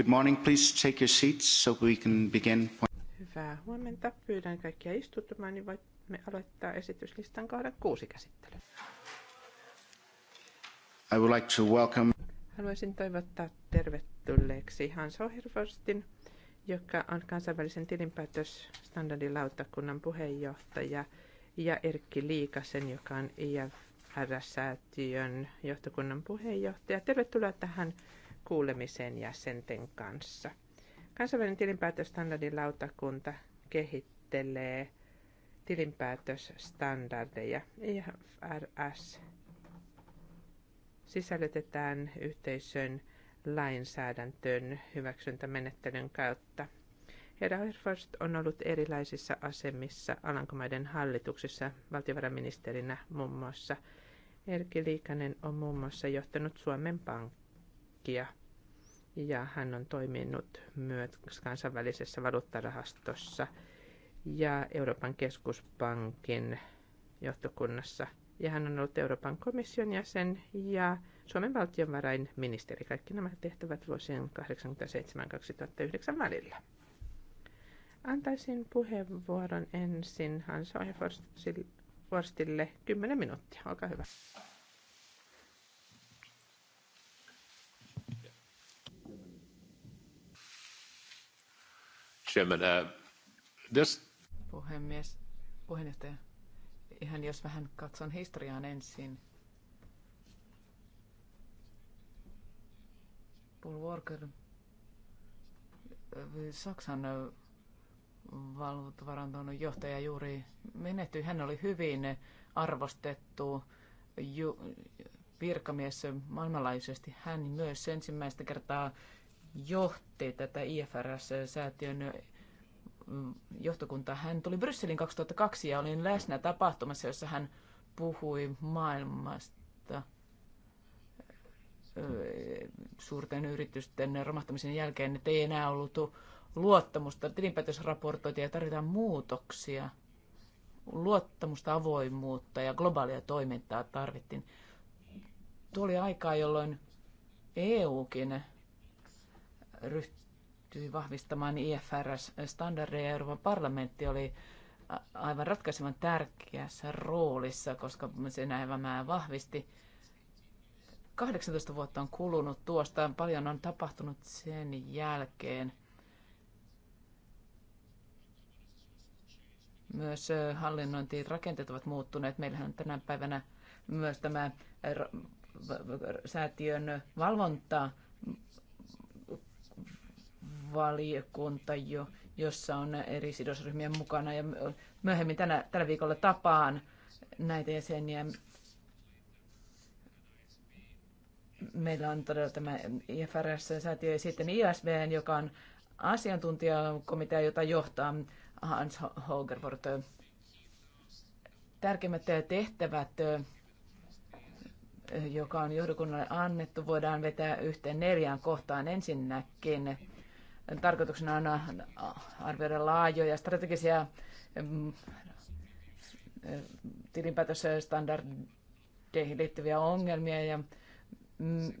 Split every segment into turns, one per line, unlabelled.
Good morning, please take your seats so we can begin.
Hyvää huomenta. Pyydän kaikkia istutumaan, niin voimme aloittaa esityslistan kohdan kuusi käsittely.
I would like to welcome...
Haluaisin toivottaa tervetulleeksi Hans Ohirforstin, joka on kansainvälisen tilinpäätösstandardilautakunnan puheenjohtaja, ja Erkki Liikasen, joka on IFR-säätiön johtokunnan puheenjohtaja. Tervetuloa tähän kuulemisen jäsenten kanssa. Kansainvälinen lautakunta kehittelee tilinpäätösstandardeja. IFRS e sisällytetään yhteisön lainsäädäntöön hyväksyntämenettelyn kautta. Herra Herfast on ollut erilaisissa asemissa Alankomaiden hallituksissa valtiovarainministerinä muun muassa. Erkki Liikanen on muun muassa johtanut Suomen Pankkia takia. Ja hän on toiminut myös kansainvälisessä valuuttarahastossa ja Euroopan keskuspankin johtokunnassa. Ja hän on ollut Euroopan komission jäsen ja Suomen valtionvarainministeri. Kaikki nämä tehtävät vuosien 1987-2009 välillä. Antaisin puheenvuoron ensin Hans Ohjeforstille 10 minuuttia. Olkaa hyvä.
Chairman, uh, this...
Puhemies, puheenjohtaja, ihan jos vähän katson historiaan ensin. Paul Walker, Saksan uh, valvontavarantoon johtaja juuri menehtyi. Hän oli hyvin arvostettu virkamies maailmanlaajuisesti. Hän myös ensimmäistä kertaa johti tätä IFRS-säätiön mm, johtokuntaa. Hän tuli Brysselin 2002 ja olin läsnä tapahtumassa, jossa hän puhui maailmasta suurten yritysten romahtamisen jälkeen, että ei enää ollut luottamusta. ja tarvitaan muutoksia. Luottamusta, avoimuutta ja globaalia toimintaa tarvittiin. Tuli aikaa, jolloin EUkin ryhtyi vahvistamaan IFRS-standardeja. Euroopan parlamentti oli aivan ratkaisevan tärkeässä roolissa, koska se nämä vahvisti. 18 vuotta on kulunut tuosta, paljon on tapahtunut sen jälkeen. Myös hallinnointiin rakenteet ovat muuttuneet. Meillähän on tänä päivänä myös tämä säätiön valvonta valiokunta, jo, jossa on eri sidosryhmiä mukana. Ja myöhemmin tänä, tällä viikolla tapaan näitä jäseniä. Meillä on todella tämä IFRS-säätiö ja sitten ISBN, joka on asiantuntijakomitea, jota johtaa Hans Hogervort. Tärkeimmät tehtävät joka on johdokunnalle annettu, voidaan vetää yhteen neljään kohtaan. Ensinnäkin Tarkoituksena on äh, arvioida laajoja strategisia ähm, äh, tilinpäätösstandardeihin liittyviä ongelmia, ja, mm,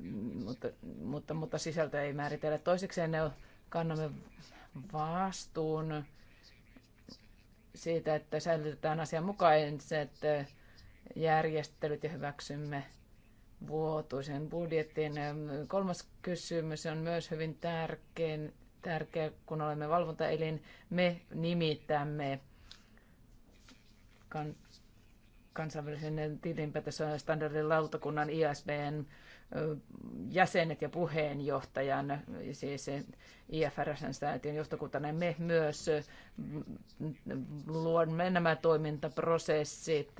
mutta, mutta, mutta sisältö ei määritellä. Toisekseen ne kannamme vastuun siitä, että säilytetään asianmukaiset äh, järjestelyt ja hyväksymme vuotuisen budjetin. Ähm, kolmas kysymys on myös hyvin tärkein, tärkeä, kun olemme valvontaelin. Me nimitämme kan- kansainvälisen tilinpäätösön standardin lautakunnan ISBn jäsenet ja puheenjohtajan, siis IFRS-säätiön niin me myös luomme nämä toimintaprosessit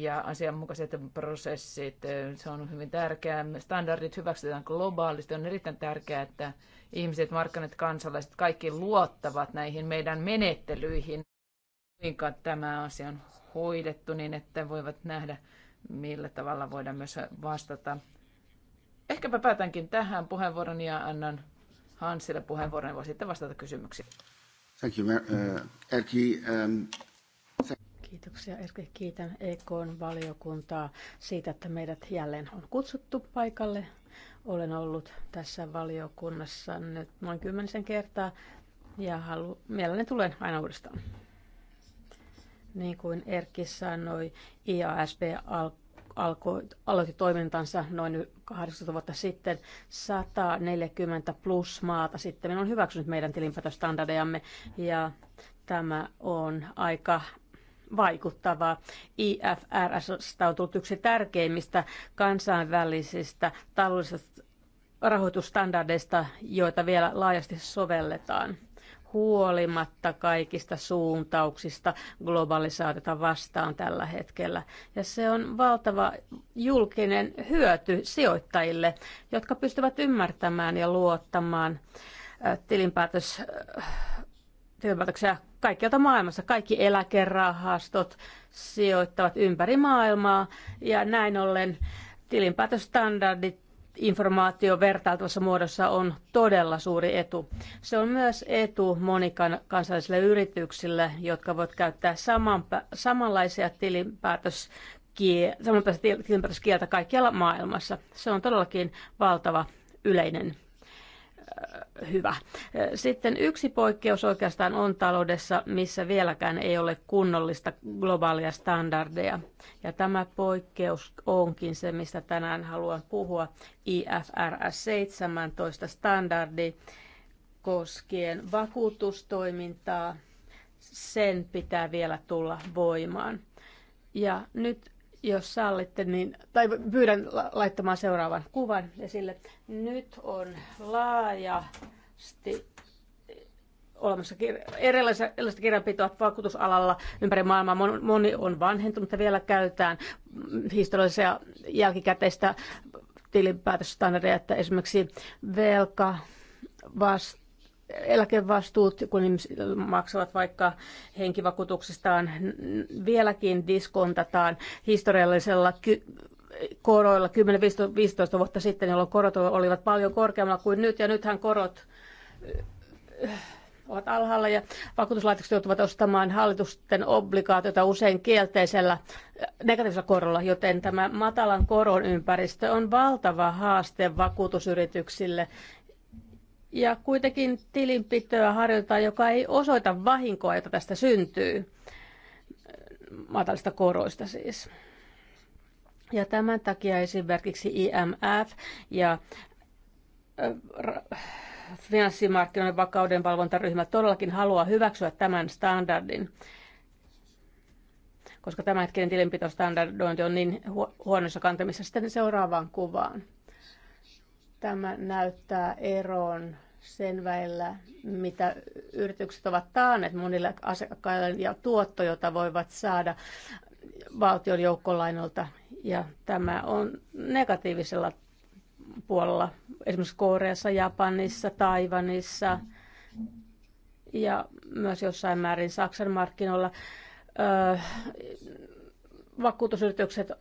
ja asianmukaiset prosessit. Se on hyvin tärkeää. Standardit hyväksytään globaalisti. On erittäin tärkeää, että ihmiset, markkinat, kansalaiset, kaikki luottavat näihin meidän menettelyihin. Kuinka tämä asia on hoidettu niin, että voivat nähdä, millä tavalla voidaan myös vastata. Ehkäpä päätänkin tähän puheenvuoron ja annan Hansille puheenvuoron ja voi sitten vastata kysymyksiin.
Thank you, äh, Erki. Um... Ähm,
Kiitoksia Erkki. Kiitän ek valiokuntaa siitä, että meidät jälleen on kutsuttu paikalle. Olen ollut tässä valiokunnassa nyt noin kymmenisen kertaa ja halu, mielelläni tulen aina uudestaan. Niin kuin Erkki sanoi, IASP al, alkoi, aloitti toimintansa noin 80 vuotta sitten. 140 plus maata sitten on hyväksynyt meidän tilinpäätöstandardejamme ja tämä on aika vaikuttavaa. IFRS on tullut yksi tärkeimmistä kansainvälisistä taloudellisista rahoitusstandardeista, joita vielä laajasti sovelletaan huolimatta kaikista suuntauksista globalisaatiota vastaan tällä hetkellä. Ja se on valtava julkinen hyöty sijoittajille, jotka pystyvät ymmärtämään ja luottamaan äh, tilinpäätös äh, työpäätöksiä kaikkialta maailmassa. Kaikki eläkerahastot sijoittavat ympäri maailmaa ja näin ollen tilinpäätöstandardit informaatio vertailtavassa muodossa on todella suuri etu. Se on myös etu monikansallisille yrityksille, jotka voivat käyttää samanpä, samanlaisia tilinpäätös samanlaista tilinpäätöskieltä kaikkialla maailmassa. Se on todellakin valtava yleinen hyvä. Sitten yksi poikkeus oikeastaan on taloudessa, missä vieläkään ei ole kunnollista globaalia standardeja. Ja tämä poikkeus onkin se, mistä tänään haluan puhua, IFRS 17 standardi koskien vakuutustoimintaa. Sen pitää vielä tulla voimaan. Ja nyt jos sallitte, niin, tai pyydän laittamaan seuraavan kuvan esille. Nyt on laajasti olemassa kir- erilaista, kirjanpitoa vakuutusalalla ympäri maailmaa. Moni on vanhentunut ja vielä käytetään historiallisia jälkikäteistä tilinpäätösstandardeja, että esimerkiksi velka, vast, eläkevastuut, kun ihmiset maksavat vaikka henkivakuutuksestaan, vieläkin diskontataan historiallisella ky- koroilla 10-15 vuotta sitten, jolloin korot olivat paljon korkeammalla kuin nyt, ja nythän korot äh, ovat alhaalla ja vakuutuslaitokset joutuvat ostamaan hallitusten obligaatiota usein kielteisellä äh, negatiivisella korolla, joten tämä matalan koron ympäristö on valtava haaste vakuutusyrityksille ja kuitenkin tilinpitoa harjoitetaan, joka ei osoita vahinkoa, jota tästä syntyy, matalista koroista siis. Ja tämän takia esimerkiksi IMF ja finanssimarkkinoiden vakauden valvontaryhmä todellakin haluaa hyväksyä tämän standardin, koska tämänhetkinen tilinpitostandardointi on niin huonossa kantamissa. Sitten seuraavaan kuvaan. Tämä näyttää eron sen väillä, mitä yritykset ovat taanneet monille asiakkaille ja tuotto, jota voivat saada valtion joukkolainolta. Ja tämä on negatiivisella puolella, esimerkiksi Koreassa, Japanissa, Taivanissa ja myös jossain määrin Saksan markkinoilla. Öö, vakuutusyritykset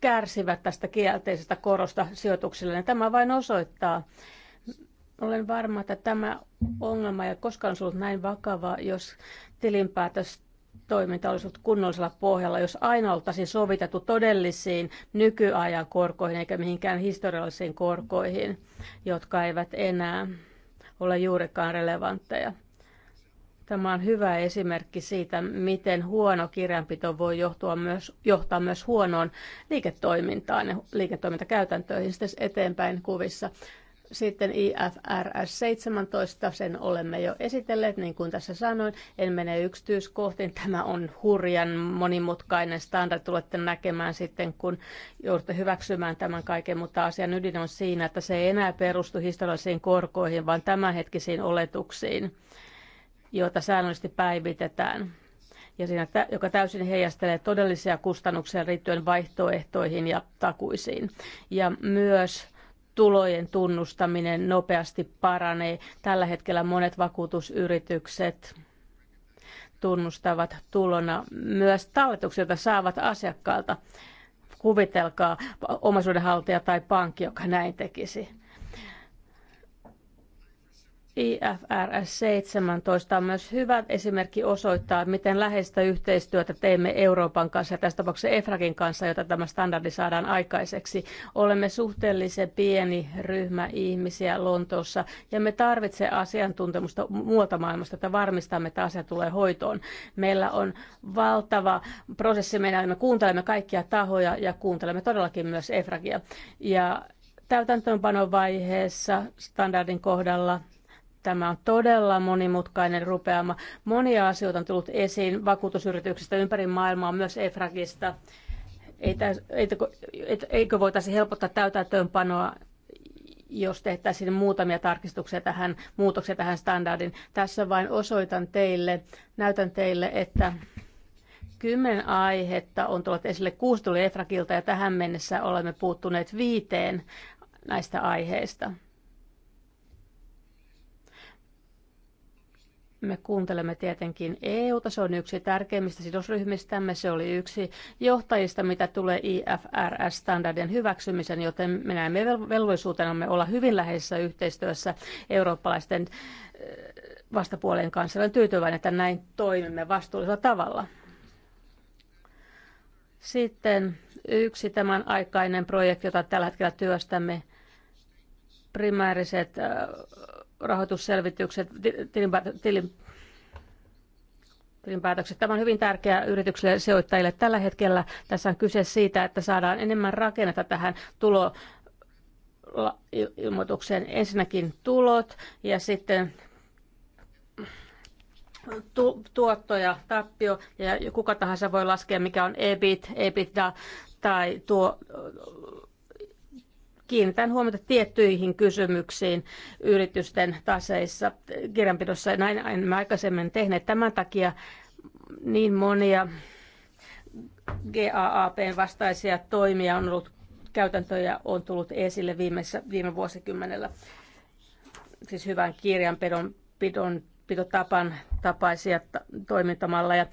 kärsivät tästä kielteisestä korosta sijoituksille. Tämä vain osoittaa, olen varma, että tämä ongelma ei koskaan ollut näin vakava, jos tilinpäätös toiminta olisi ollut kunnollisella pohjalla, jos aina oltaisiin sovitettu todellisiin nykyajan korkoihin eikä mihinkään historiallisiin korkoihin, jotka eivät enää ole juurikaan relevantteja. Tämä on hyvä esimerkki siitä, miten huono kirjanpito voi johtua myös, johtaa myös huonoon liiketoimintaan ja liiketoimintakäytäntöihin eteenpäin kuvissa. Sitten IFRS 17, sen olemme jo esitelleet, niin kuin tässä sanoin. En mene yksityiskohtiin. Tämä on hurjan monimutkainen standard. Tulette näkemään sitten, kun joudutte hyväksymään tämän kaiken, mutta asian ydin on siinä, että se ei enää perustu historiallisiin korkoihin, vaan tämänhetkisiin oletuksiin, joita säännöllisesti päivitetään ja siinä, joka täysin heijastelee todellisia kustannuksia liittyen vaihtoehtoihin ja takuisiin. Ja myös tulojen tunnustaminen nopeasti paranee. Tällä hetkellä monet vakuutusyritykset tunnustavat tulona myös talletuksilta saavat asiakkaalta. Kuvitelkaa omaisuudenhaltija tai pankki, joka näin tekisi. IFRS 17 on myös hyvä esimerkki osoittaa, miten läheistä yhteistyötä teemme Euroopan kanssa ja tässä tapauksessa EFRAKin kanssa, jota tämä standardi saadaan aikaiseksi. Olemme suhteellisen pieni ryhmä ihmisiä Lontoossa ja me tarvitsemme asiantuntemusta muualta maailmasta, että varmistamme, että asia tulee hoitoon. Meillä on valtava prosessi, meidän me kuuntelemme kaikkia tahoja ja kuuntelemme todellakin myös EFRAKia. Ja täytäntöönpanovaiheessa standardin kohdalla Tämä on todella monimutkainen rupeama. Monia asioita on tullut esiin vakuutusyrityksistä ympäri maailmaa, myös EFRAGista. Eikö voitaisiin helpottaa täytäntöönpanoa jos tehtäisiin muutamia tarkistuksia tähän, muutoksia tähän standardin. Tässä vain osoitan teille, näytän teille, että kymmen aihetta on tullut esille, kuusi tuli EFRAGilta ja tähän mennessä olemme puuttuneet viiteen näistä aiheista. Me kuuntelemme tietenkin EUta, se on yksi tärkeimmistä sidosryhmistämme, se oli yksi johtajista, mitä tulee IFRS-standardien hyväksymisen, joten me näemme velvollisuutenamme olla hyvin läheisessä yhteistyössä eurooppalaisten äh, vastapuolen kanssa. Olen tyytyväinen, että näin toimimme vastuullisella tavalla. Sitten yksi tämän aikainen projekti, jota tällä hetkellä työstämme, primääriset äh, rahoitusselvitykset, tilinpäätökset, tilin, Tämä on hyvin tärkeää yrityksille ja sijoittajille. Tällä hetkellä tässä on kyse siitä, että saadaan enemmän rakennetta tähän tulo ilmoitukseen ensinnäkin tulot ja sitten tu- tuotto ja tappio ja kuka tahansa voi laskea mikä on EBIT, EBITDA tai tuo kiinnitän huomiota tiettyihin kysymyksiin yritysten taseissa kirjanpidossa. Näin mä aikaisemmin tehneet. Tämän takia niin monia gaap vastaisia toimia on ollut, käytäntöjä on tullut esille viimeisessä, viime vuosikymmenellä. Siis hyvän kirjanpidon pidon, pitotapan tapaisia toimintamalleja.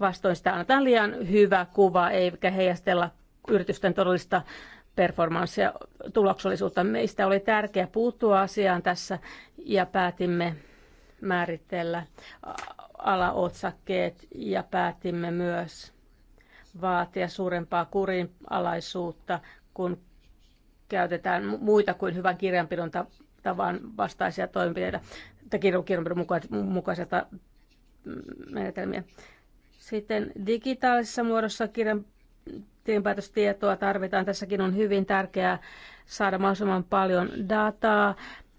Vastoin sitä annetaan liian hyvä kuva, eikä heijastella yritysten todellista performanssia, tuloksellisuutta. Meistä oli tärkeää puuttua asiaan tässä ja päätimme määritellä alaotsakkeet ja päätimme myös vaatia suurempaa kurinalaisuutta, kun käytetään muita kuin hyvän kirjanpidon tavan vastaisia toimenpiteitä tai kirjanpidon mukaisia menetelmiä. Sitten digitaalisessa muodossa kirjan tilinpäätöstietoa tarvitaan. Tässäkin on hyvin tärkeää saada mahdollisimman paljon dataa.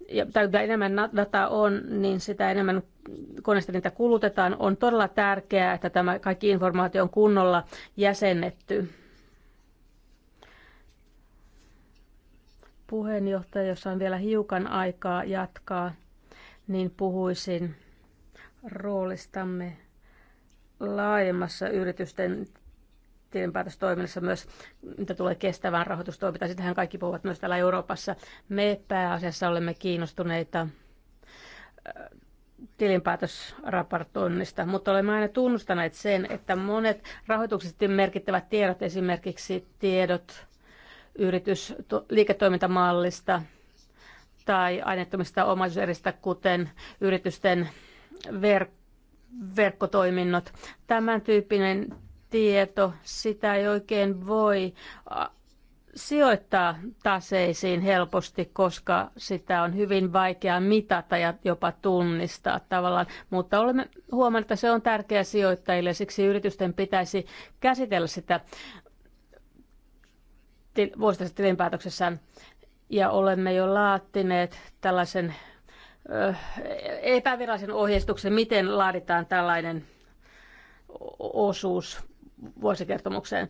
Ja mitä enemmän dataa on, niin sitä enemmän koneista niitä kulutetaan. On todella tärkeää, että tämä kaikki informaatio on kunnolla jäsennetty. Puheenjohtaja, jos on vielä hiukan aikaa jatkaa, niin puhuisin roolistamme laajemmassa yritysten tilinpäätöstoiminnassa myös, mitä tulee kestävään rahoitustoimintaan. Sitähän kaikki puhuvat myös täällä Euroopassa. Me pääasiassa olemme kiinnostuneita äh, tilinpäätösraportoinnista, mutta olemme aina tunnustaneet sen, että monet rahoituksesti merkittävät tiedot, esimerkiksi tiedot yritys liiketoimintamallista tai aineettomista omaisuuseristä, kuten yritysten verk- verkkotoiminnot. Tämän tyyppinen tieto, sitä ei oikein voi sijoittaa taseisiin helposti, koska sitä on hyvin vaikea mitata ja jopa tunnistaa tavallaan. Mutta olemme huomanneet, että se on tärkeä sijoittajille, siksi yritysten pitäisi käsitellä sitä vuosittaisessa tilinpäätöksessään. Ja olemme jo laattineet tällaisen epävirallisen ohjeistuksen, miten laaditaan tällainen osuus vuosikertomukseen.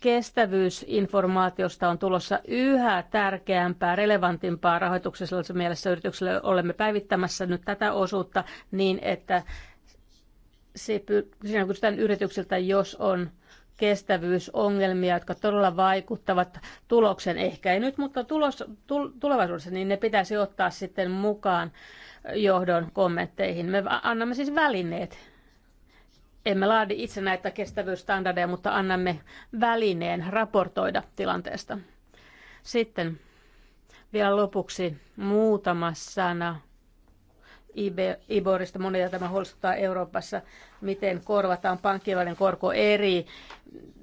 Kestävyysinformaatiosta on tulossa yhä tärkeämpää, relevantimpaa rahoituksessa mielessä yritykselle. Olemme päivittämässä nyt tätä osuutta niin, että siinä kysytään yrityksiltä, jos on kestävyysongelmia, jotka todella vaikuttavat tuloksen ehkä ei nyt, mutta tulos, tulevaisuudessa, niin ne pitäisi ottaa sitten mukaan johdon kommentteihin. Me annamme siis välineet emme laadi itse näitä kestävyysstandardeja, mutta annamme välineen raportoida tilanteesta. Sitten vielä lopuksi muutama sana Iborista. Monia tämä huolestuttaa Euroopassa, miten korvataan pankkivälinen korko eri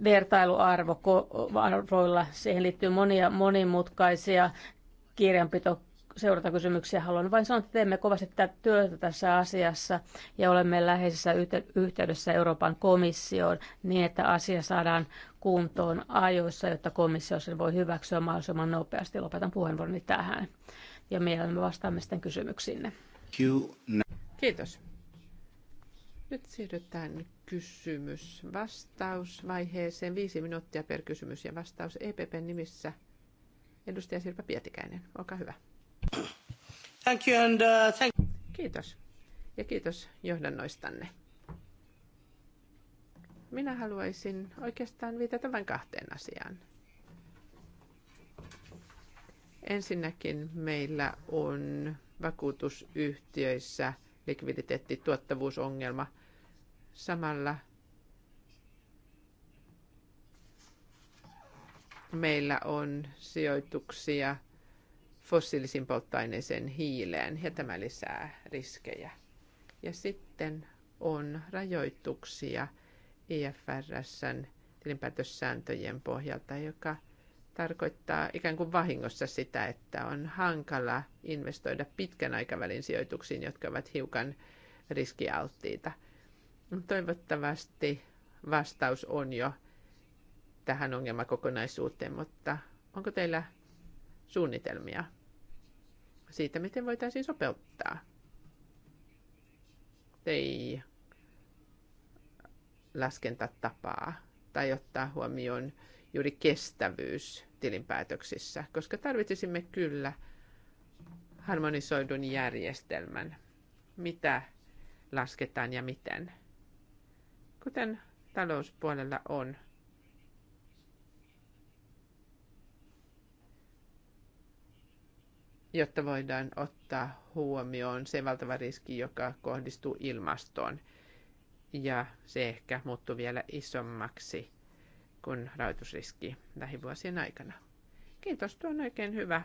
vertailuarvoilla. Siihen liittyy monia monimutkaisia kirjanpito seurantakysymyksiä. Haluan vain sanoa, että teemme kovasti tätä työtä tässä asiassa ja olemme läheisessä yhteydessä Euroopan komissioon niin, että asia saadaan kuntoon ajoissa, jotta komissio sen voi hyväksyä mahdollisimman nopeasti. Lopetan puheenvuoroni tähän ja mielellämme vastaamme sitten kysymyksiinne. Kiitos.
Nyt siirrytään kysymys-vastausvaiheeseen. Viisi minuuttia per kysymys ja vastaus EPPn nimissä. Edustaja Sirpa Pietikäinen, olkaa hyvä. Thank you and, uh, thank... Kiitos. Ja kiitos johdannoistanne. Minä haluaisin oikeastaan viitata vain kahteen asiaan. Ensinnäkin meillä on vakuutusyhtiöissä likviditeetti-tuottavuusongelma. Samalla meillä on sijoituksia – fossiilisiin polttoaineeseen hiileen ja tämä lisää riskejä. Ja sitten on rajoituksia IFRSn tilinpäätössääntöjen pohjalta, joka tarkoittaa ikään kuin vahingossa sitä, että on hankala investoida pitkän aikavälin sijoituksiin, jotka ovat hiukan riskialttiita. Toivottavasti vastaus on jo tähän ongelmakokonaisuuteen, mutta onko teillä suunnitelmia siitä, miten voitaisiin sopeuttaa. Ei laskentatapaa tai ottaa huomioon juuri kestävyys tilinpäätöksissä, koska tarvitsisimme kyllä harmonisoidun järjestelmän, mitä lasketaan ja miten. Kuten talouspuolella on, jotta voidaan ottaa huomioon se valtava riski, joka kohdistuu ilmastoon. Ja se ehkä muuttuu vielä isommaksi kuin rahoitusriski lähivuosien aikana. Kiitos, tuo on oikein hyvä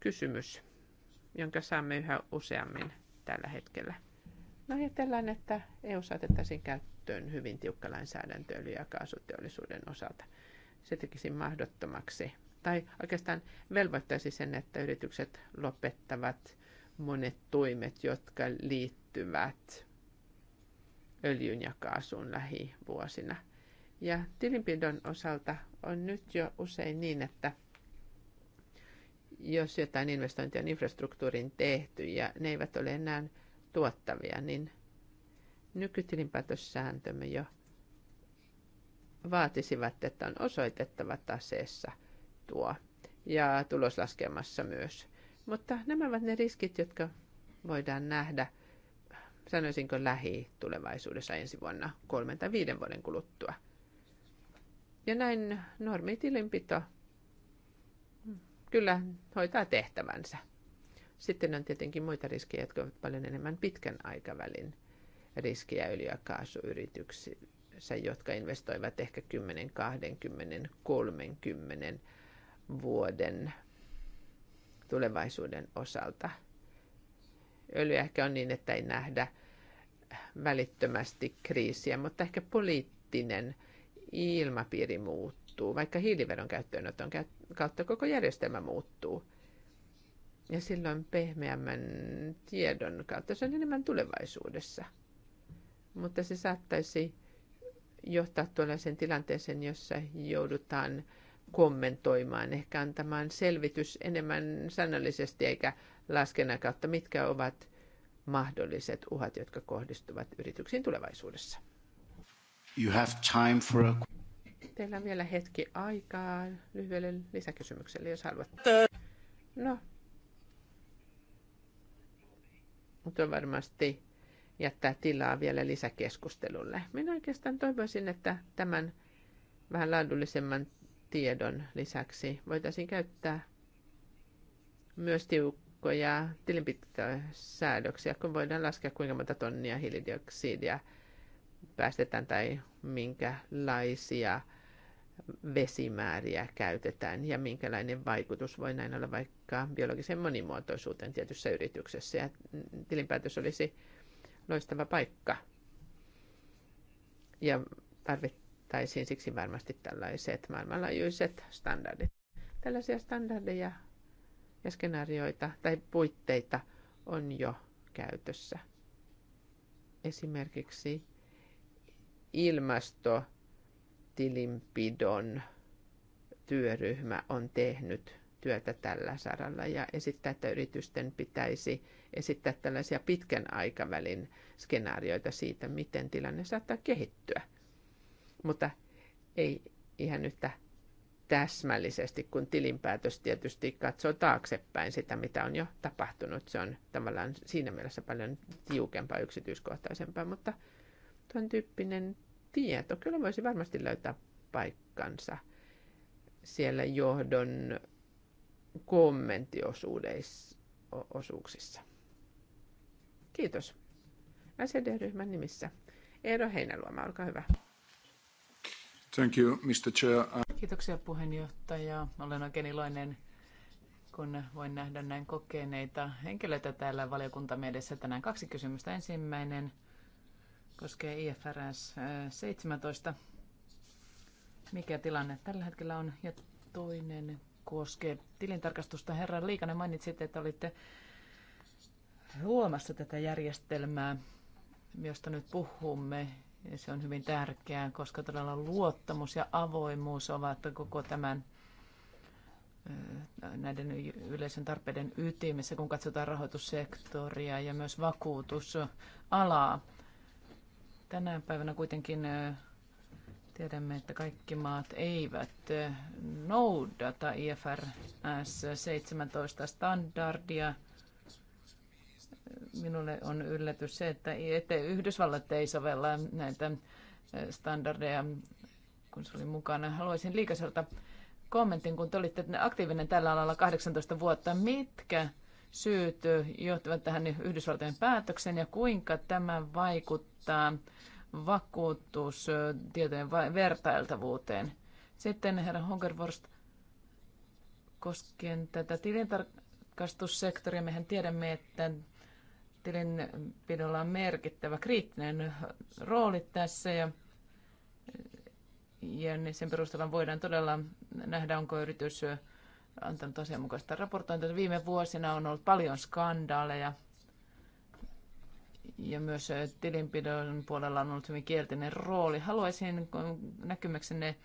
kysymys, jonka saamme yhä useammin tällä hetkellä. No ajatellaan, että EU saatettaisiin käyttöön hyvin tiukka lainsäädäntö öljy- ja kaasuteollisuuden osalta. Se tekisi mahdottomaksi tai oikeastaan velvoittaisi sen, että yritykset lopettavat monet toimet, jotka liittyvät öljyn ja kaasun lähivuosina. Ja tilinpidon osalta on nyt jo usein niin, että jos jotain investointia on infrastruktuuriin tehty ja ne eivät ole enää tuottavia, niin nykytilinpäätössääntömme jo vaatisivat, että on osoitettava taseessa – tuo ja tuloslaskelmassa myös. Mutta nämä ovat ne riskit, jotka voidaan nähdä, sanoisinko lähitulevaisuudessa ensi vuonna kolmen tai viiden vuoden kuluttua. Ja näin normitilinpito kyllä hoitaa tehtävänsä. Sitten on tietenkin muita riskejä, jotka ovat paljon enemmän pitkän aikavälin riskejä öljy- ja kaasuyrityksissä, jotka investoivat ehkä 10, 20, 30 vuoden tulevaisuuden osalta. Öljy ehkä on niin, että ei nähdä välittömästi kriisiä, mutta ehkä poliittinen ilmapiiri muuttuu, vaikka hiiliveron käyttöönoton kautta koko järjestelmä muuttuu. Ja silloin pehmeämmän tiedon kautta se on enemmän tulevaisuudessa. Mutta se saattaisi johtaa tuollaiseen tilanteeseen, jossa joudutaan kommentoimaan, ehkä antamaan selvitys enemmän säännöllisesti eikä laskennan kautta, mitkä ovat mahdolliset uhat, jotka kohdistuvat yrityksiin tulevaisuudessa.
You have time for a...
Teillä on vielä hetki aikaa lyhyelle lisäkysymykselle, jos haluatte. No. Mutta varmasti jättää tilaa vielä lisäkeskustelulle. Minä oikeastaan toivoisin, että tämän vähän laadullisemman tiedon lisäksi voitaisiin käyttää myös tiukkoja tilinpitosäädöksiä, kun voidaan laskea kuinka monta tonnia hiilidioksidia päästetään tai minkälaisia vesimääriä käytetään ja minkälainen vaikutus voi näin olla vaikka biologisen monimuotoisuuteen tietyssä yrityksessä. Ja tilinpäätös olisi loistava paikka ja tarvit, tarvittaisiin siksi varmasti tällaiset maailmanlaajuiset standardit. Tällaisia standardeja ja skenaarioita tai puitteita on jo käytössä. Esimerkiksi ilmastotilinpidon työryhmä on tehnyt työtä tällä saralla ja esittää, että yritysten pitäisi esittää tällaisia pitkän aikavälin skenaarioita siitä, miten tilanne saattaa kehittyä – mutta ei ihan yhtä täsmällisesti, kun tilinpäätös tietysti katsoo taaksepäin sitä, mitä on jo tapahtunut. Se on tavallaan siinä mielessä paljon tiukempaa, yksityiskohtaisempaa, mutta tuon tyyppinen tieto kyllä voisi varmasti löytää paikkansa siellä johdon kommenttiosuuksissa. Kiitos. SED-ryhmän nimissä. Eero Heinäluoma, olkaa hyvä. Thank
you, Mr. Chair. Kiitoksia puheenjohtaja. Olen oikein iloinen, kun voin nähdä näin kokeneita henkilöitä täällä valiokuntamielessä tänään. Kaksi kysymystä. Ensimmäinen koskee IFRS 17. Eh, Mikä tilanne tällä hetkellä on? Ja toinen koskee tilintarkastusta. Herra Liikanen, mainitsit, että olitte luomassa tätä järjestelmää, josta nyt puhumme, ja se on hyvin tärkeää, koska todella luottamus ja avoimuus ovat koko tämän näiden yleisen tarpeiden ytimessä, kun katsotaan rahoitussektoria ja myös vakuutusalaa. Tänä päivänä kuitenkin tiedämme, että kaikki maat eivät noudata IFRS 17 standardia Minulle on yllätys se, että, että Yhdysvallat ei sovella näitä eh, standardeja, kun se oli mukana. Haluaisin liikaselta kommentin, kun te olitte aktiivinen tällä alalla 18 vuotta. Mitkä syyt johtavat tähän Yhdysvaltojen päätöksen ja kuinka tämä vaikuttaa vakuutustietojen vertailtavuuteen? Sitten herra Hongervorst, koskien tätä tilintarkastussektoria, mehän tiedämme, että tilinpidolla on merkittävä kriittinen rooli tässä ja, ja sen perusteella voidaan todella nähdä, onko yritys antanut asianmukaista raportointia. Viime vuosina on ollut paljon skandaaleja ja myös tilinpidon puolella on ollut hyvin kielteinen rooli. Haluaisin näkymäksenne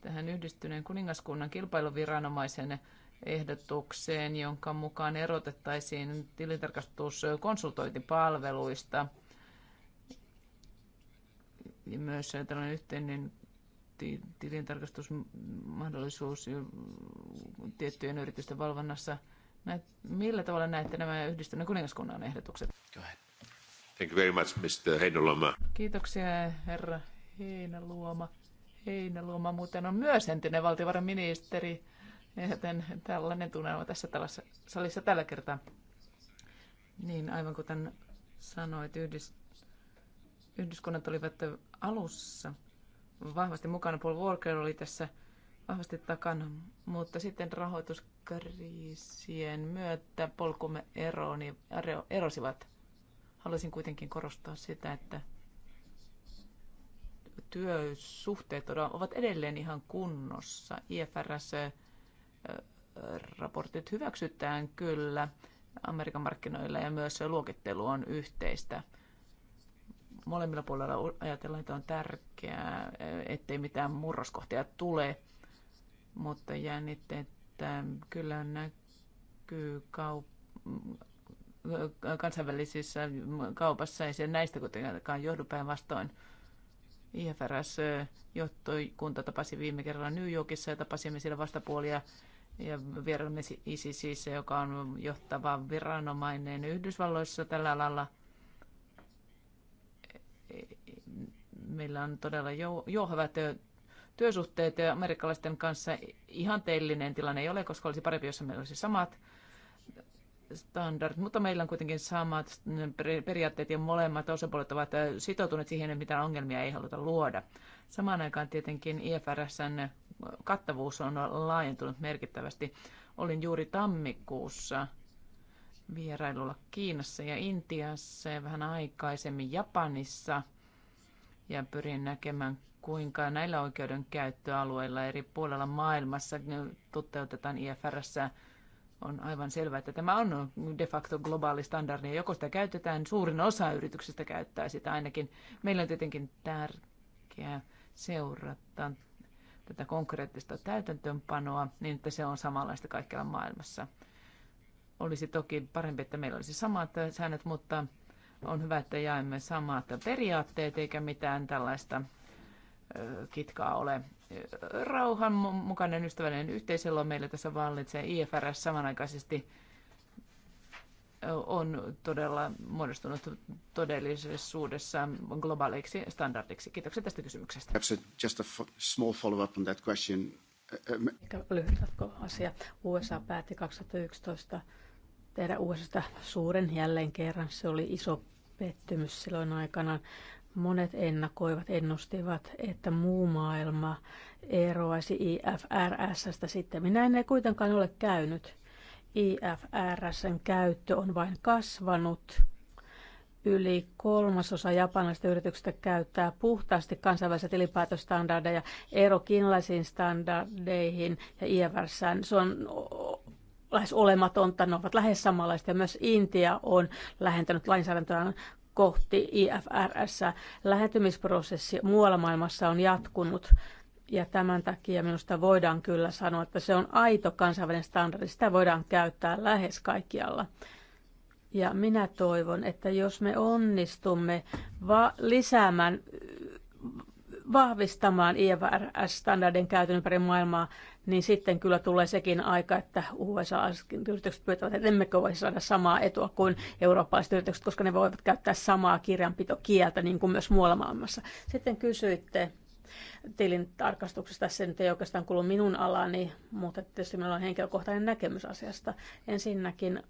tähän yhdistyneen kuningaskunnan kilpailuviranomaisen ehdotukseen, jonka mukaan erotettaisiin tilintarkastuskonsultointipalveluista. Ja myös tällainen yhteinen tilintarkastusmahdollisuus tiettyjen yritysten valvonnassa. Näet, millä tavalla näette nämä yhdistyneen kuningaskunnan ehdotukset?
Thank you very much, Mr. Heinoloma.
Kiitoksia, herra Heinäluoma. Heinäluoma muuten on myös entinen valtiovarainministeri. Joten tällainen tunnelma tässä talossa, salissa tällä kertaa. Niin, aivan kuten sanoit, yhdys, yhdyskunnat olivat alussa vahvasti mukana. Paul Walker oli tässä vahvasti takana, mutta sitten rahoituskriisien myötä polkumme ero, erosivat. Haluaisin kuitenkin korostaa sitä, että työsuhteet ovat edelleen ihan kunnossa. IFRS raportit hyväksytään kyllä Amerikan markkinoilla ja myös se luokittelu on yhteistä. Molemmilla puolella ajatellaan, että on tärkeää, ettei mitään murroskohtia tule, mutta että kyllä näkyy kaup- kansainvälisissä kaupassa, ei se näistä kuitenkaan johdu päinvastoin. IFRS eh, johtokunta tapasi viime kerralla New Yorkissa ja tapasimme siellä vastapuolia ja vieraamme ISISissä, joka on johtava viranomainen Yhdysvalloissa tällä alalla. Meillä on todella jouhavat työsuhteet ja amerikkalaisten kanssa ihan teellinen tilanne ei ole, koska olisi parempi, jos meillä olisi samat standardit, mutta meillä on kuitenkin samat periaatteet ja molemmat osapuolet ovat sitoutuneet siihen, että mitään ongelmia ei haluta luoda. Samaan aikaan tietenkin IFRSn kattavuus on laajentunut merkittävästi. Olin juuri tammikuussa vierailulla Kiinassa ja Intiassa ja vähän aikaisemmin Japanissa ja pyrin näkemään, kuinka näillä oikeudenkäyttöalueilla eri puolella maailmassa tutteutetaan IFRS. on aivan selvää, että tämä on de facto globaali standardi, ja joko sitä käytetään, suurin osa yrityksistä käyttää sitä ainakin. Meillä on tietenkin tärkeää seurata tätä konkreettista täytäntöönpanoa niin, että se on samanlaista kaikkialla maailmassa. Olisi toki parempi, että meillä olisi samat säännöt, mutta on hyvä, että jaemme samat periaatteet eikä mitään tällaista kitkaa ole. Rauhan mukainen ystävällinen on meillä tässä vallitsee IFRS samanaikaisesti on todella muodostunut todellisuudessa globaaliksi standardiksi. Kiitoksia tästä kysymyksestä.
Just a small follow-up on that question. Uh, uh,
Ehkä lyhyt asia. USA päätti 2011 tehdä uudesta suuren jälleen kerran. Se oli iso pettymys silloin aikanaan. Monet ennakoivat, ennustivat, että muu maailma eroaisi IFRS-stä sitten. Minä en kuitenkaan ole käynyt IFRSn käyttö on vain kasvanut. Yli kolmasosa japanilaisista yrityksistä käyttää puhtaasti kansainvälisiä tilinpäätöstandardeja ero kiinalaisiin standardeihin ja IFRSään. Se on lähes olematonta, ne ovat lähes samanlaista ja myös Intia on lähentänyt lainsäädäntöään kohti IFRS. Lähentymisprosessi muualla maailmassa on jatkunut ja tämän takia minusta voidaan kyllä sanoa, että se on aito kansainvälinen standardi. Sitä voidaan käyttää lähes kaikkialla. Ja minä toivon, että jos me onnistumme va- lisäämään, vahvistamaan IFRS-standardin käytön ympäri maailmaa, niin sitten kyllä tulee sekin aika, että USA-yritykset pyytävät, että emmekö voisi saada samaa etua kuin eurooppalaiset yritykset, koska ne voivat käyttää samaa kirjanpitokieltä niin kuin myös muualla maailmassa. Sitten kysyitte tilintarkastuksesta. tässä nyt ei oikeastaan kuulu minun alani, mutta tietysti meillä on henkilökohtainen näkemys asiasta. Ensinnäkin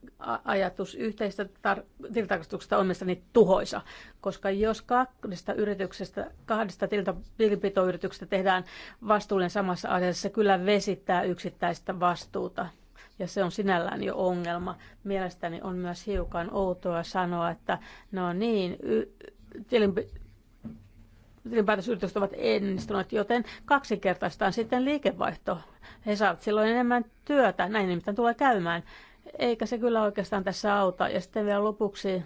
ajatus yhteistä tar- tilintarkastuksesta on mielestäni tuhoisa, koska jos kahdesta yrityksestä, kahdesta tilinpitoyrityksestä tehdään vastuullinen samassa asiassa, se kyllä vesittää yksittäistä vastuuta ja se on sinällään jo ongelma. Mielestäni on myös hiukan outoa sanoa, että no niin, y- tilinpäätösyritykset ovat ennistuneet, joten kaksinkertaistaan sitten liikevaihto. He saavat silloin enemmän työtä, näin nimittäin tulee käymään. Eikä se kyllä oikeastaan tässä auta. Ja sitten vielä lopuksi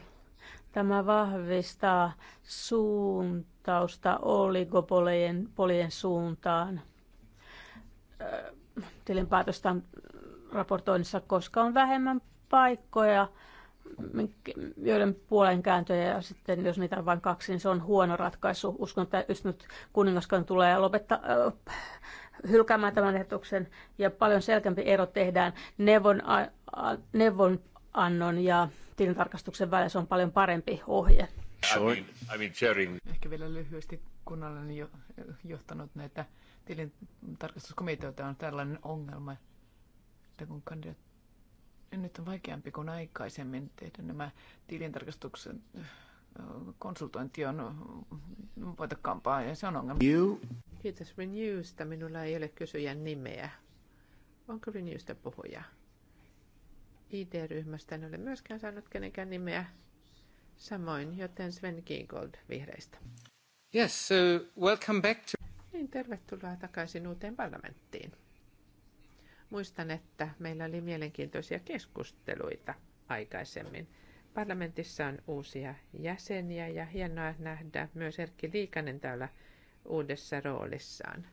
tämä vahvistaa suuntausta oligopolien polien suuntaan tilinpäätöstä raportoinnissa, koska on vähemmän paikkoja joiden puolen kääntöjä ja sitten jos niitä on vain kaksi, niin se on huono ratkaisu. Uskon, että just nyt kuningaskan tulee lopettaa, äh, hylkäämään tämän ehdotuksen ja paljon selkeämpi ero tehdään neuvon, a, neuvon annon ja tilintarkastuksen välillä. Se on paljon parempi ohje.
I mean, I mean
Ehkä vielä
lyhyesti, kun olen jo,
johtanut näitä
tilintarkastuskomiteoita, on tällainen ongelma, että kun kandidaat nyt on vaikeampi kuin aikaisemmin tehdä nämä tilintarkastuksen äh, konsultointi on äh, voitokkaampaa ja se on ongelma. You.
Kiitos Renewsta. Minulla ei ole kysyjän nimeä. Onko Renewsta puhuja? ID-ryhmästä en ole myöskään saanut kenenkään nimeä. Samoin, joten Sven Giegold vihreistä.
Yes, so welcome
back to... Niin, tervetuloa takaisin uuteen parlamenttiin. Muistan, että meillä oli mielenkiintoisia keskusteluita aikaisemmin. Parlamentissa on uusia jäseniä ja hienoa nähdä myös Erkki Liikanen täällä uudessa roolissaan.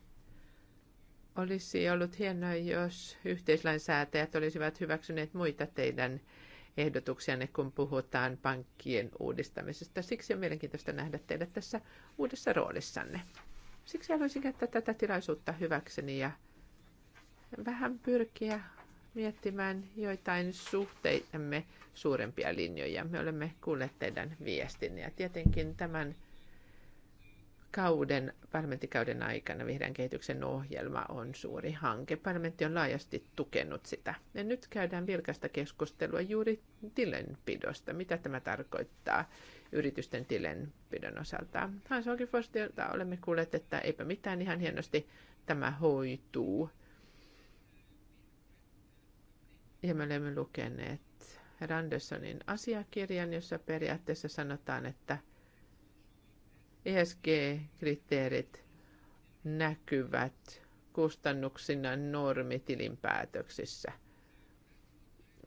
Olisi ollut hienoa, jos yhteislainsäätäjät olisivat hyväksyneet muita teidän ehdotuksianne, kun puhutaan pankkien uudistamisesta. Siksi on mielenkiintoista nähdä teidät tässä uudessa roolissanne. Siksi haluaisin käyttää tätä tilaisuutta hyväkseni ja vähän pyrkiä miettimään joitain suhteitamme suurempia linjoja. Me olemme kuulleet teidän viestinne ja tietenkin tämän kauden, parlamenttikauden aikana vihreän kehityksen ohjelma on suuri hanke. Parlamentti on laajasti tukenut sitä. Ja nyt käydään vilkasta keskustelua juuri tilenpidosta. Mitä tämä tarkoittaa yritysten tilenpidon osalta? Hans Hokiforstilta olemme kuulleet, että eipä mitään ihan hienosti tämä hoituu – ja me olemme lukeneet Randersonin asiakirjan, jossa periaatteessa sanotaan, että ESG-kriteerit näkyvät kustannuksina normitilinpäätöksissä,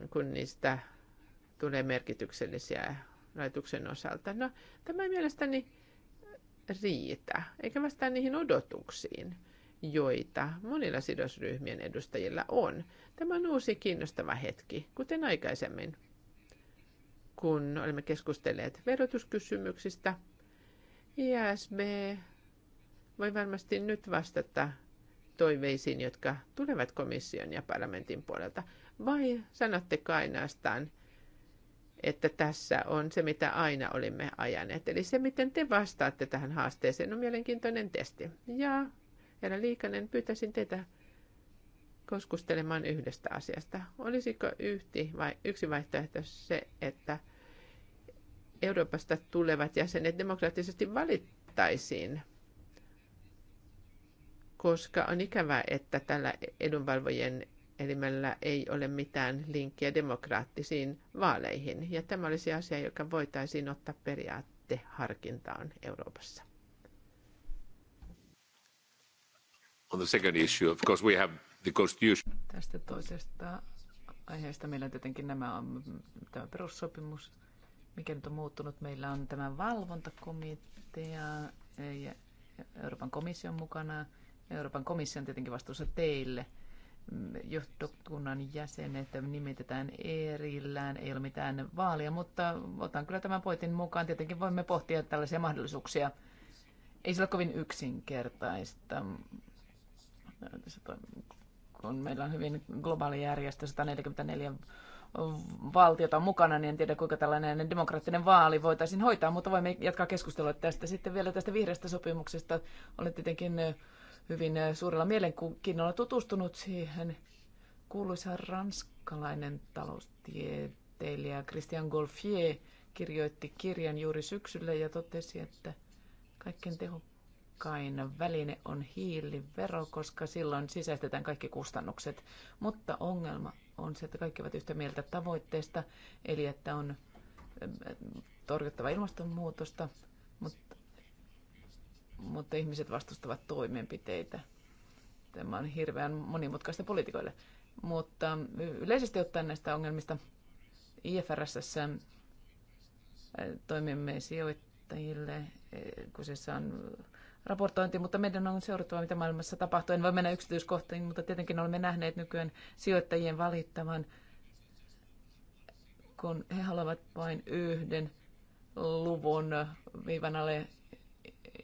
kun niistä tulee merkityksellisiä laitoksen osalta. No, tämä ei mielestäni riitä, eikä vastaa niihin odotuksiin joita monilla sidosryhmien edustajilla on. Tämä on uusi kiinnostava hetki, kuten aikaisemmin, kun olemme keskustelleet verotuskysymyksistä. ISB voi varmasti nyt vastata toiveisiin, jotka tulevat komission ja parlamentin puolelta. Vai sanotteko ainoastaan, että tässä on se, mitä aina olimme ajaneet. Eli se, miten te vastaatte tähän haasteeseen, on mielenkiintoinen testi. Ja Herra Liikanen, pyytäisin teitä keskustelemaan yhdestä asiasta. Olisiko yhti vai yksi vaihtoehto se, että Euroopasta tulevat jäsenet demokraattisesti valittaisiin, koska on ikävää, että tällä edunvalvojen elimellä ei ole mitään linkkiä demokraattisiin vaaleihin. Ja tämä olisi asia, joka voitaisiin ottaa periaatteharkintaan Euroopassa.
on the second issue, of course we have the constitution.
Tästä toisesta aiheesta meillä on tietenkin nämä on, tämä perussopimus, mikä nyt on muuttunut. Meillä on tämä valvontakomitea ja Euroopan komission mukana. Euroopan komission tietenkin vastuussa teille johtokunnan jäsenet nimitetään erillään, ei ole mitään vaalia, mutta otan kyllä tämän poitin mukaan. Tietenkin voimme pohtia tällaisia mahdollisuuksia. Ei se ole kovin yksinkertaista, kun meillä on hyvin globaali järjestö, 144 valtiota mukana, niin en tiedä kuinka tällainen demokraattinen vaali voitaisiin hoitaa, mutta voimme jatkaa keskustelua tästä. Sitten vielä tästä vihreästä sopimuksesta. Olen tietenkin hyvin suurella mielenkiinnolla tutustunut siihen. Kuuluisa ranskalainen taloustieteilijä Christian Golfier kirjoitti kirjan juuri syksyllä ja totesi, että kaikkein tehokkain tehokkain väline on hiilivero, koska silloin sisäistetään kaikki kustannukset. Mutta ongelma on se, että kaikki ovat yhtä mieltä tavoitteesta, eli että on torjuttava ilmastonmuutosta, mutta, mutta ihmiset vastustavat toimenpiteitä. Tämä on hirveän monimutkaista poliitikoille. Mutta yleisesti ottaen näistä ongelmista IFRSS toimimme sijoittajille, e, kyseessä on raportointi, mutta meidän on seurattava, mitä maailmassa tapahtuu. En voi mennä yksityiskohtiin, mutta tietenkin olemme nähneet nykyään sijoittajien valittavan, kun he haluavat vain yhden luvun viivan alle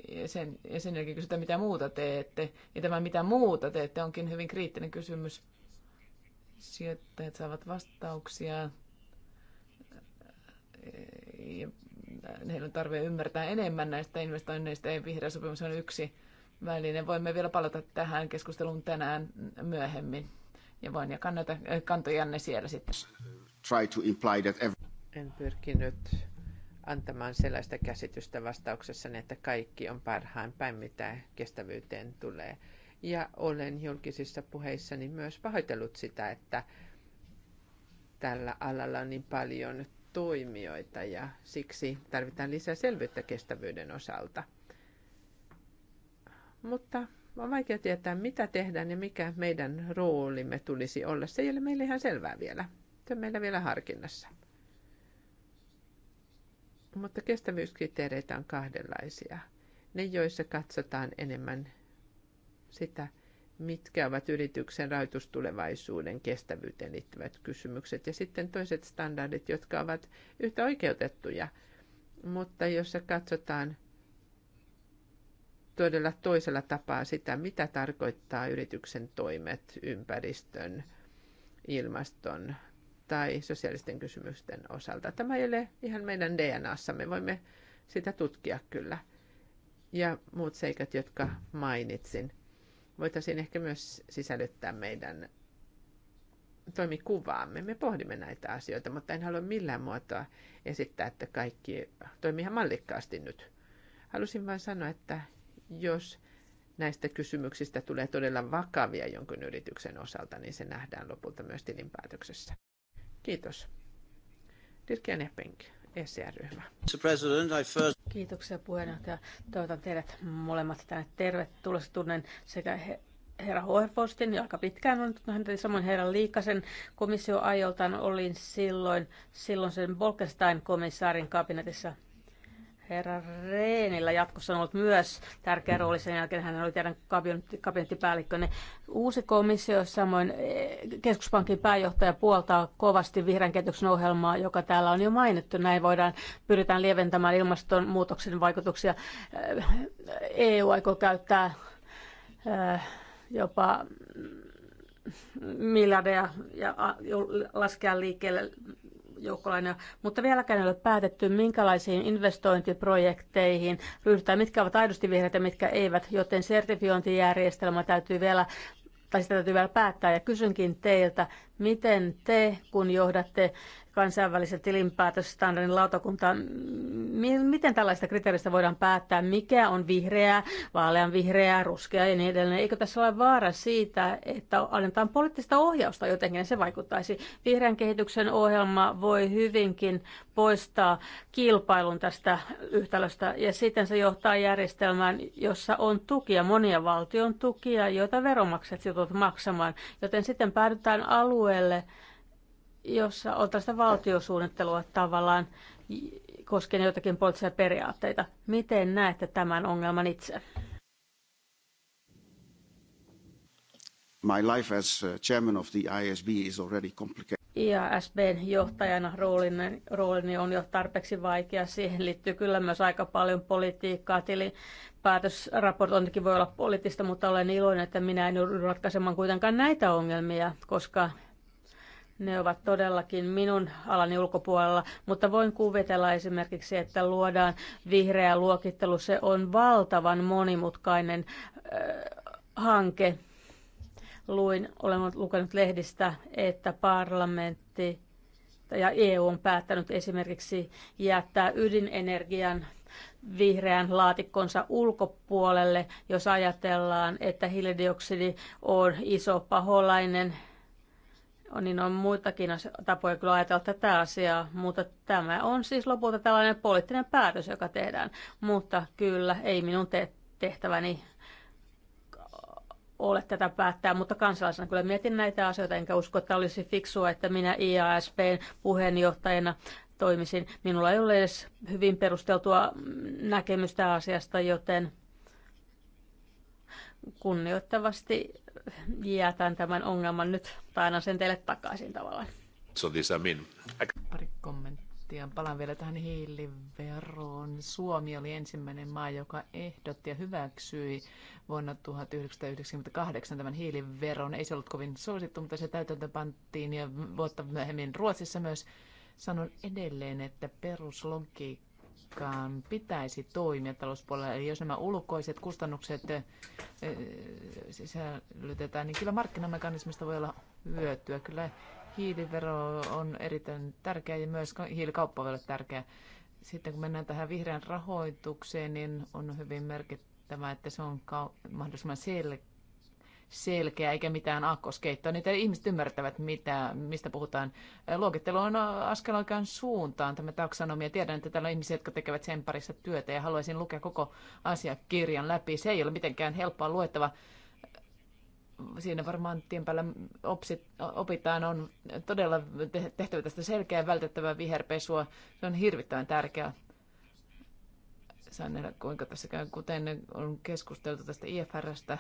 ja sen, ja sen jälkeen kysytään, mitä muuta teette. Ja tämä, mitä muuta teette, onkin hyvin kriittinen kysymys. Sijoittajat saavat vastauksia ja heillä on tarve ymmärtää enemmän näistä investoinneista ja vihreä sopimus on yksi väline. Voimme vielä palata tähän keskusteluun tänään myöhemmin ja voin jakaa näitä äh, kantojanne siellä sitten.
Try to imply that every...
En pyrkinyt antamaan sellaista käsitystä vastauksessani, että kaikki on parhain päin, mitä kestävyyteen tulee. Ja olen julkisissa puheissani myös pahoitellut sitä, että tällä alalla on niin paljon toimijoita ja siksi tarvitaan lisää selvyyttä kestävyyden osalta. Mutta on vaikea tietää, mitä tehdään ja mikä meidän roolimme tulisi olla. Se ei ole meille ihan selvää vielä. Se on meillä vielä harkinnassa. Mutta kestävyyskriteereitä on kahdenlaisia. Ne, joissa katsotaan enemmän sitä, mitkä ovat yrityksen rahoitustulevaisuuden kestävyyteen liittyvät kysymykset. Ja sitten toiset standardit, jotka ovat yhtä oikeutettuja, mutta jossa katsotaan todella toisella tapaa sitä, mitä tarkoittaa yrityksen toimet ympäristön, ilmaston tai sosiaalisten kysymysten osalta. Tämä ei ole ihan meidän Me voimme sitä tutkia kyllä. Ja muut seikat, jotka mainitsin – voitaisiin ehkä myös sisällyttää meidän toimikuvaamme. Me pohdimme näitä asioita, mutta en halua millään muotoa esittää, että kaikki toimii ihan mallikkaasti nyt. Halusin vain sanoa, että jos näistä kysymyksistä tulee todella vakavia jonkun yrityksen osalta, niin se nähdään lopulta myös tilinpäätöksessä. Kiitos.
Dirk Penk. ECR-ryhmä. Kiitoksia puheenjohtaja. Toivotan teidät molemmat tänne tervetulleeksi. Tunnen sekä he, herra Hoerfostin, joka pitkään on häntä, samoin herra Liikasen komissioajoltaan olin silloin, silloin sen Bolkestein komissaarin kabinetissa Herra Reenillä jatkossa on ollut myös tärkeä rooli sen jälkeen, hän oli teidän kabinettipäällikkönne. Uusi komissio, samoin eh, keskuspankin pääjohtaja puoltaa kovasti vihreän kehityksen ohjelmaa, joka täällä on jo mainittu. Näin voidaan, pyritään lieventämään ilmastonmuutoksen vaikutuksia. EU eh, e aikoo käyttää eh, jopa miljardeja ja laskea liikkeelle joukkolainoja, mutta vieläkään ei ole päätetty, minkälaisiin investointiprojekteihin ryhdytään, mitkä ovat aidosti vihreitä, mitkä eivät, joten sertifiointijärjestelmä täytyy vielä tai sitä täytyy vielä päättää. Ja kysynkin teiltä, Miten te, kun johdatte kansainvälisen tilinpäätösstandardin lautakuntaa, miten tällaista kriteeristä voidaan päättää, mikä on vihreää, vaalean vihreää, ruskea ja niin edelleen? Eikö tässä ole vaara siitä, että annetaan poliittista ohjausta jotenkin ja se vaikuttaisi? Vihreän kehityksen ohjelma voi hyvinkin poistaa kilpailun tästä yhtälöstä ja sitten se johtaa järjestelmään, jossa on tukia, monia valtion tukia, joita veromaksajat joutuvat maksamaan, joten sitten päädytään alueen alueelle, jossa on tällaista valtiosuunnittelua tavallaan koskien jotakin poliittisia periaatteita. Miten näette tämän ongelman itse?
My life as uh, chairman of the ISB is already complicated.
IASBn johtajana roolini, roolini on jo tarpeeksi vaikea. Siihen liittyy kyllä myös aika paljon politiikkaa. Tili päätösraportointikin voi olla poliittista, mutta olen iloinen, että minä en joudu ratkaisemaan kuitenkaan näitä ongelmia, koska ne ovat todellakin minun alani ulkopuolella, mutta voin kuvitella esimerkiksi, että luodaan vihreä luokittelu. Se on valtavan monimutkainen äh, hanke. Luin, olen lukenut lehdistä, että parlamentti ja EU on päättänyt esimerkiksi jättää ydinenergian vihreän laatikkonsa ulkopuolelle, jos ajatellaan, että hiilidioksidi on iso paholainen niin on muitakin tapoja kyllä ajatella tätä asiaa, mutta tämä on siis lopulta tällainen poliittinen päätös, joka tehdään. Mutta kyllä, ei minun te- tehtäväni ole tätä päättää, mutta kansalaisena kyllä mietin näitä asioita, enkä usko, että olisi fiksua, että minä IASPn puheenjohtajana toimisin. Minulla ei ole edes hyvin perusteltua näkemystä asiasta, joten kunnioittavasti jätän tämän ongelman nyt, tai annan sen teille takaisin tavallaan.
So this I mean.
Pari
kommenttia. Palaan vielä tähän hiiliveroon. Suomi oli
ensimmäinen maa, joka ehdotti ja hyväksyi vuonna 1998 tämän hiiliveron. Ei se ollut kovin suosittu, mutta se täytäntö panttiin ja vuotta myöhemmin Ruotsissa myös. Sanon edelleen, että peruslogiikka Kreikan pitäisi toimia talouspuolella. Eli jos nämä ulkoiset kustannukset sisällytetään, niin kyllä markkinamekanismista voi olla hyötyä. Kyllä hiilivero on erittäin tärkeä ja myös hiilikauppa voi olla tärkeä. Sitten kun mennään tähän vihreän rahoitukseen, niin on hyvin merkittävä, että se on mahdollisimman selkeä selkeä eikä mitään akkoskeittoa, niin ihmiset ymmärtävät, mitä, mistä puhutaan. Luokittelu on askel oikeaan suuntaan, tämä taksonomia. Tiedän, että täällä on ihmisiä, jotka tekevät sen parissa työtä ja haluaisin lukea koko asiakirjan läpi. Se ei ole mitenkään helppoa luettava. Siinä varmaan tien päällä opsit, opitaan, on todella tehtävä tästä selkeää vältettävä viherpesua. Se on hirvittävän tärkeää Sain nähdä, kuinka tässä käy. Kuten on keskusteltu tästä IFRstä,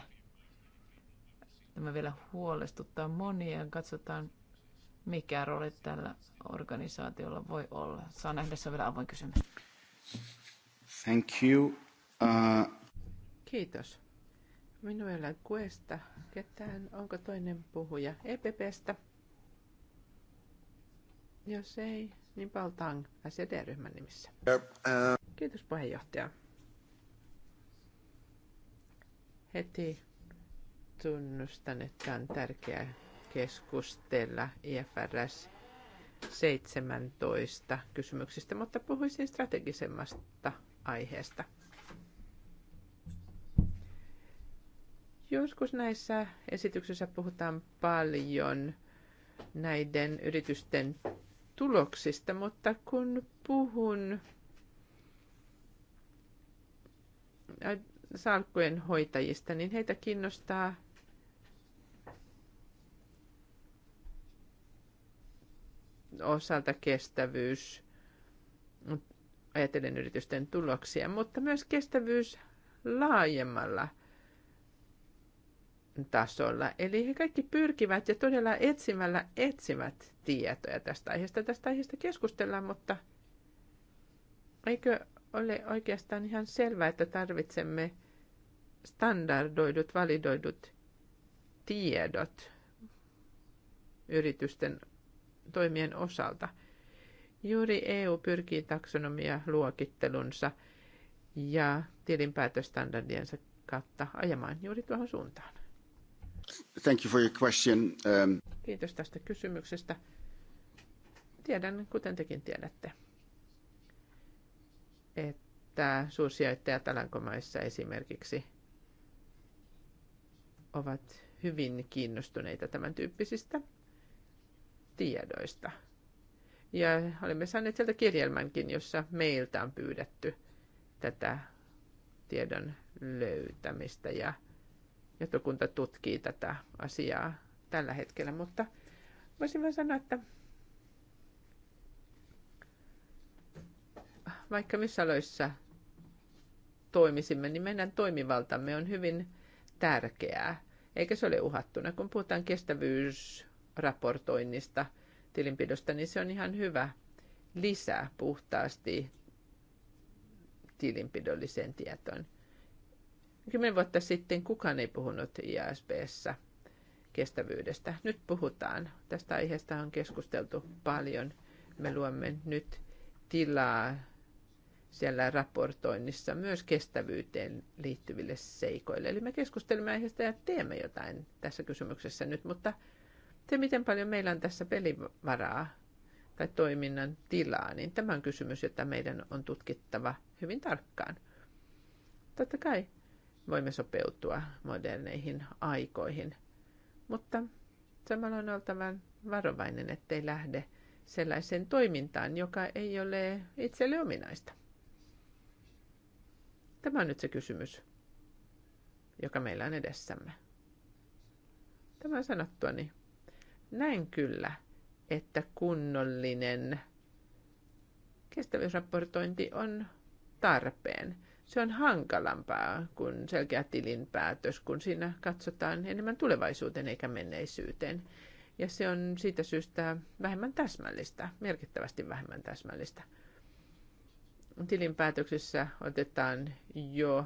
Tämä vielä huolestuttaa monia. Katsotaan, mikä rooli tällä organisaatiolla voi olla. Saan nähdä, se on vielä avoin kysymys.
Thank you. Uh...
Kiitos. Minua ei ole kuesta ketään. Onko toinen puhuja EPPstä? Jos ei, niin Paltang SED-ryhmän nimissä. Uh, Kiitos puheenjohtaja. Heti tunnustan, että on tärkeää keskustella IFRS 17 kysymyksistä, mutta puhuisin strategisemmasta aiheesta. Joskus näissä esityksissä puhutaan paljon näiden yritysten tuloksista, mutta kun puhun äh, salkkujen hoitajista, niin heitä kiinnostaa osalta kestävyys, ajatellen yritysten tuloksia, mutta myös kestävyys laajemmalla tasolla. Eli he kaikki pyrkivät ja todella etsimällä etsivät tietoja tästä aiheesta. Tästä aiheesta keskustellaan, mutta eikö ole oikeastaan ihan selvää, että tarvitsemme standardoidut, validoidut tiedot yritysten toimien osalta. Juuri EU pyrkii taksonomia luokittelunsa ja tilinpäätöstandardiensa kautta ajamaan juuri tuohon suuntaan.
Thank you for your question. Um...
Kiitos tästä kysymyksestä. Tiedän, kuten tekin tiedätte, että suursijoittajat Alankomaissa esimerkiksi ovat hyvin kiinnostuneita tämän tyyppisistä tiedoista. Ja olemme saaneet sieltä kirjelmänkin, jossa meiltä on pyydetty tätä tiedon löytämistä ja jotokunta tutkii tätä asiaa tällä hetkellä, mutta voisin vain sanoa, että vaikka missä aloissa toimisimme, niin meidän toimivaltamme on hyvin tärkeää, eikä se ole uhattuna. Kun puhutaan kestävyys raportoinnista, tilinpidosta, niin se on ihan hyvä lisää puhtaasti tilinpidolliseen tietoon. Kymmenen vuotta sitten kukaan ei puhunut ISBssä kestävyydestä. Nyt puhutaan. Tästä aiheesta on keskusteltu paljon. Me luomme nyt tilaa siellä raportoinnissa myös kestävyyteen liittyville seikoille. Eli me keskustelemme aiheesta ja teemme jotain tässä kysymyksessä nyt, mutta se, miten paljon meillä on tässä pelivaraa tai toiminnan tilaa, niin tämä on kysymys, jota meidän on tutkittava hyvin tarkkaan. Totta kai voimme sopeutua moderneihin aikoihin, mutta samalla on oltava varovainen, ettei lähde sellaiseen toimintaan, joka ei ole itselle ominaista. Tämä on nyt se kysymys, joka meillä on edessämme. Tämä sanottua, niin näin kyllä, että kunnollinen kestävyysraportointi on tarpeen. Se on hankalampaa kuin selkeä tilinpäätös, kun siinä katsotaan enemmän tulevaisuuteen eikä menneisyyteen. Ja se on siitä syystä vähemmän täsmällistä, merkittävästi vähemmän täsmällistä. Tilinpäätöksessä otetaan jo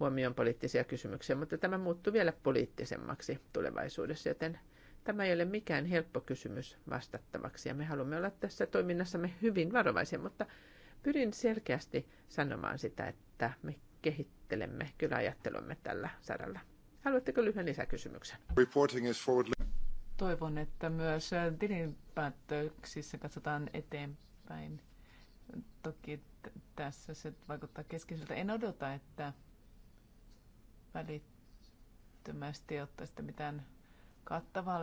huomioon poliittisia kysymyksiä, mutta tämä muuttuu vielä poliittisemmaksi tulevaisuudessa, joten – Tämä ei ole mikään helppo kysymys vastattavaksi ja me haluamme olla tässä toiminnassamme hyvin varovaisia, mutta pyrin selkeästi sanomaan sitä, että me kehittelemme kyllä ajattelumme tällä saralla. Haluatteko lyhyen lisäkysymyksen? Toivon, että myös tilinpäätöksissä
katsotaan eteenpäin. Toki tässä se vaikuttaa keskeiseltä. En odota, että välittömästi ottaisitte mitään kattavaa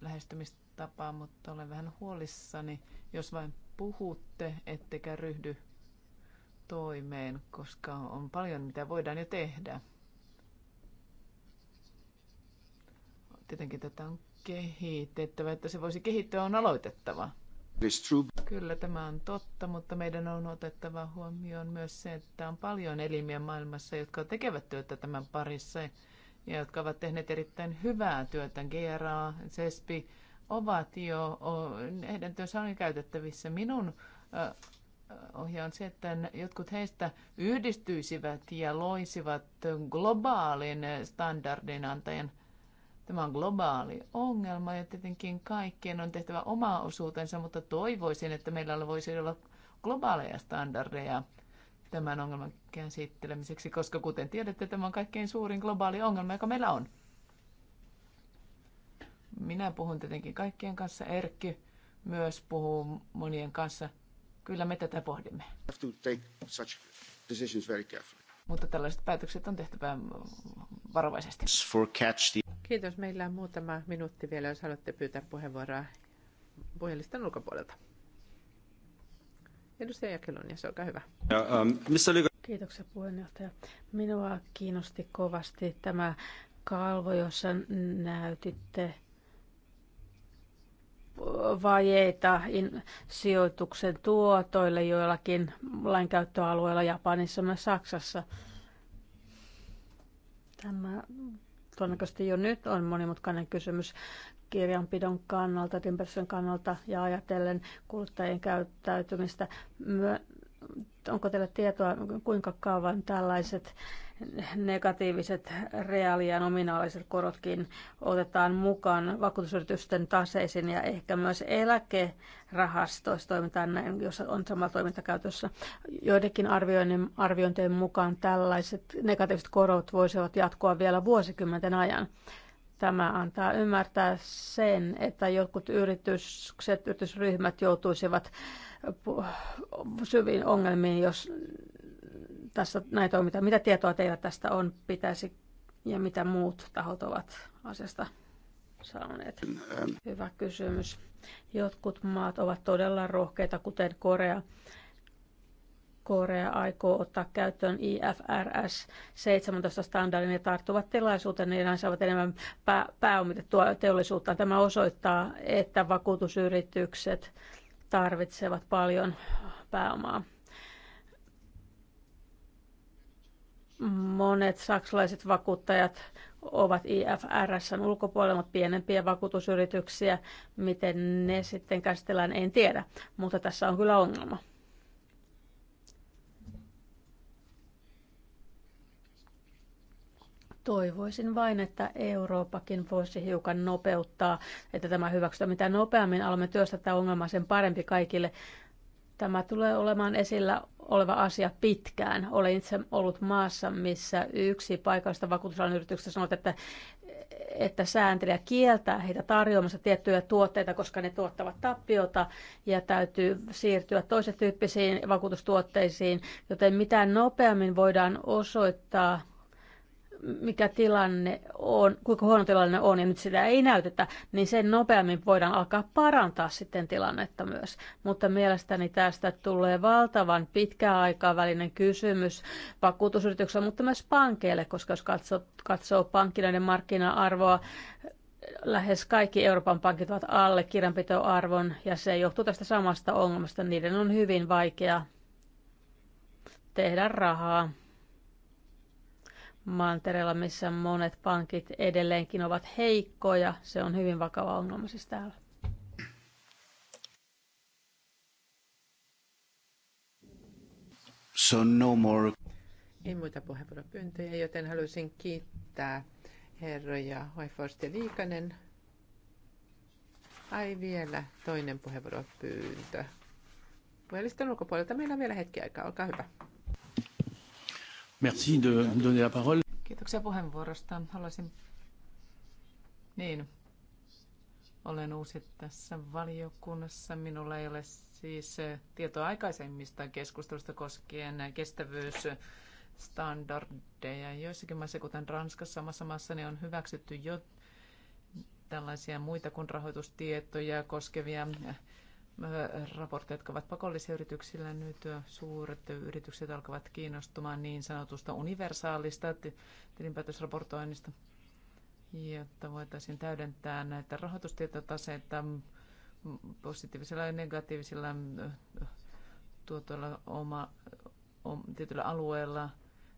lähestymistapaa, mutta olen vähän huolissani, jos vain puhutte, ettekä ryhdy toimeen, koska on paljon mitä voidaan jo tehdä. Tietenkin tätä on kehitettävä, että se voisi kehittyä, on aloitettava. Kyllä tämä on totta, mutta meidän on otettava huomioon myös se, että on paljon elimiä maailmassa, jotka tekevät työtä tämän parissa ja jotka ovat tehneet erittäin hyvää työtä, GRA, CESPI, ovat jo, heidän työnsä on käytettävissä. Minun ohje on se, että jotkut heistä yhdistyisivät ja loisivat globaalin standardin antajan. Tämä on globaali ongelma ja tietenkin kaikkien on tehtävä oma osuutensa, mutta toivoisin, että meillä voisi olla globaaleja standardeja tämän ongelman käsittelemiseksi, koska kuten tiedätte, tämä on kaikkein suurin globaali ongelma, joka meillä on. Minä puhun tietenkin kaikkien kanssa, Erkki myös puhuu monien kanssa. Kyllä me tätä pohdimme.
Mutta tällaiset päätökset on tehtävä varovaisesti. Kiitos. Meillä on muutama minuutti vielä, jos haluatte pyytää puheenvuoroa puhelistan ulkopuolelta.
Edustaja Jakelonias, olkaa hyvä.
Ja, um, missä oli...
Kiitoksia puheenjohtaja. Minua kiinnosti kovasti tämä kalvo, jossa näytitte vajeita sijoituksen tuotoille joillakin lainkäyttöalueilla Japanissa ja Saksassa. Tämä todennäköisesti jo nyt on monimutkainen kysymys kirjanpidon kannalta, ympäristön kannalta ja ajatellen kuluttajien käyttäytymistä. Onko teillä tietoa, kuinka kauan tällaiset negatiiviset reaali- ja nominaaliset korotkin otetaan mukaan vakuutusyritysten taseisiin ja ehkä myös eläkerahastoissa toimitaan näin, jos on sama toiminta käytössä. Joidenkin arviointien mukaan tällaiset negatiiviset korot voisivat jatkua vielä vuosikymmenten ajan. Tämä antaa ymmärtää sen, että jotkut yritykset, yritysryhmät joutuisivat syviin ongelmiin, jos tässä näin toimitaan. Mitä tietoa teillä tästä on, pitäisi ja mitä muut tahot ovat asiasta saaneet. Hyvä kysymys. Jotkut maat ovat todella rohkeita, kuten Korea, Korea aikoo ottaa käyttöön IFRS 17 standardin ja tarttuvat tilaisuuteen, niin näin saavat enemmän pää- pääomitettua teollisuutta. Tämä osoittaa, että vakuutusyritykset tarvitsevat paljon pääomaa. Monet saksalaiset vakuuttajat ovat IFRSn ulkopuolella, mutta pienempiä vakuutusyrityksiä, miten ne sitten käsitellään, en tiedä. Mutta tässä on kyllä ongelma. Toivoisin vain, että Euroopakin voisi hiukan nopeuttaa, että tämä hyväksytään. Mitä nopeammin alamme työstää tämä ongelma, sen parempi kaikille. Tämä tulee olemaan esillä oleva asia pitkään. Olen itse ollut maassa, missä yksi paikallista vakuutusalan yrityksestä sanoi, että, että sääntelijä kieltää heitä tarjoamassa tiettyjä tuotteita, koska ne tuottavat tappiota ja täytyy siirtyä toisen tyyppisiin vakuutustuotteisiin, joten mitä nopeammin voidaan osoittaa mikä tilanne on, kuinka huono tilanne on ja nyt sitä ei näytetä, niin sen nopeammin voidaan alkaa parantaa sitten tilannetta myös. Mutta mielestäni tästä tulee valtavan pitkäaikavälinen kysymys vakuutusyrityksellä, mutta myös pankeille, koska jos katsoo, katsoo pankkinoiden markkina-arvoa, lähes kaikki Euroopan pankit ovat alle kirjanpitoarvon ja se johtuu tästä samasta ongelmasta. Niiden on hyvin vaikea tehdä rahaa mantereella, missä monet pankit edelleenkin ovat heikkoja. Se on hyvin vakava ongelma siis täällä.
So no more.
Ei muita puheenvuoropyyntöjä, joten haluaisin kiittää herroja Hoiforst ja Liikanen. Ai vielä toinen puheenvuoropyyntö. Puhelisten ulkopuolelta meillä on vielä hetki aikaa, olkaa hyvä.
Merci de donner la parole. Kiitoksia puheenvuorosta. Haluaisin... Niin. Olen uusi tässä valiokunnassa. Minulla ei ole siis eh, tietoa aikaisemmista keskustelusta koskien kestävyysstandardeja. Joissakin maissa, kuten Ranskassa, samassa maassa, ne on hyväksytty jo tällaisia muita kuin rahoitustietoja koskevia raportteja, jotka ovat pakollisia yrityksillä. Nyt suuret yritykset alkavat kiinnostumaan niin sanotusta universaalista tilinpäätösraportoinnista, jotta voitaisiin täydentää näitä rahoitustietotaseita positiivisilla ja negatiivisilla tuotoilla oma, om, tietyllä alueella.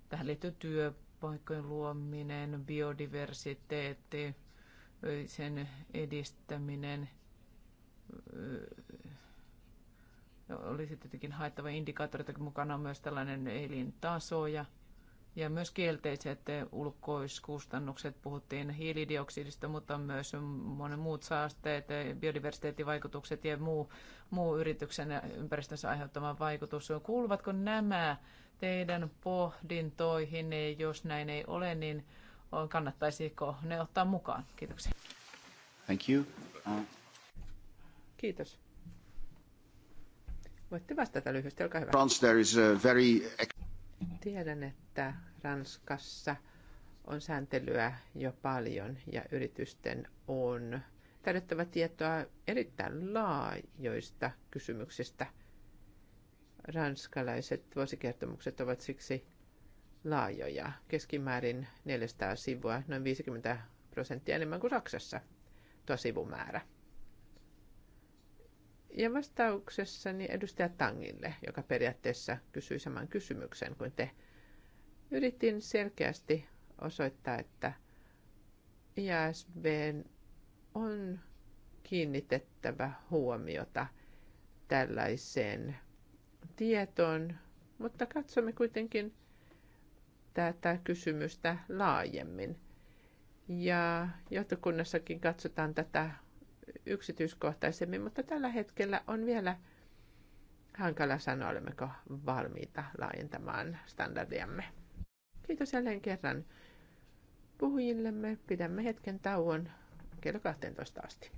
Tähän liittyy työpaikkojen luominen, biodiversiteetti, sen edistäminen – No, olisi tietenkin haettava indikaattoreita, mukana on myös tällainen elintaso ja, ja myös kielteiset ulkoiskustannukset. Puhuttiin hiilidioksidista, mutta myös monen muut saasteet, biodiversiteettivaikutukset ja muu, muu yrityksen ympäristössä aiheuttama vaikutus. Kuuluvatko nämä teidän pohdintoihin? Jos näin ei ole, niin kannattaisiko ne ottaa mukaan?
Kiitoksia.
Thank you. Uh...
Kiitos. Voitte vastata lyhyesti, olkaa hyvä. France,
there is a very...
Tiedän, että Ranskassa on sääntelyä jo paljon ja yritysten on tarjottava tietoa erittäin laajoista kysymyksistä. Ranskalaiset vuosikertomukset ovat siksi laajoja, keskimäärin 400 sivua, noin 50 prosenttia enemmän kuin Saksassa tuo sivumäärä. Ja vastauksessani edustaja Tangille, joka periaatteessa kysyi saman kysymyksen kuin te, yritin selkeästi osoittaa, että ISB on kiinnitettävä huomiota tällaiseen tietoon, mutta katsomme kuitenkin tätä kysymystä laajemmin. Ja johtokunnassakin katsotaan tätä yksityiskohtaisemmin, mutta tällä hetkellä on vielä hankala sanoa, olemmeko valmiita laajentamaan standardiamme. Kiitos jälleen kerran puhujillemme. Pidämme hetken tauon kello 12 asti.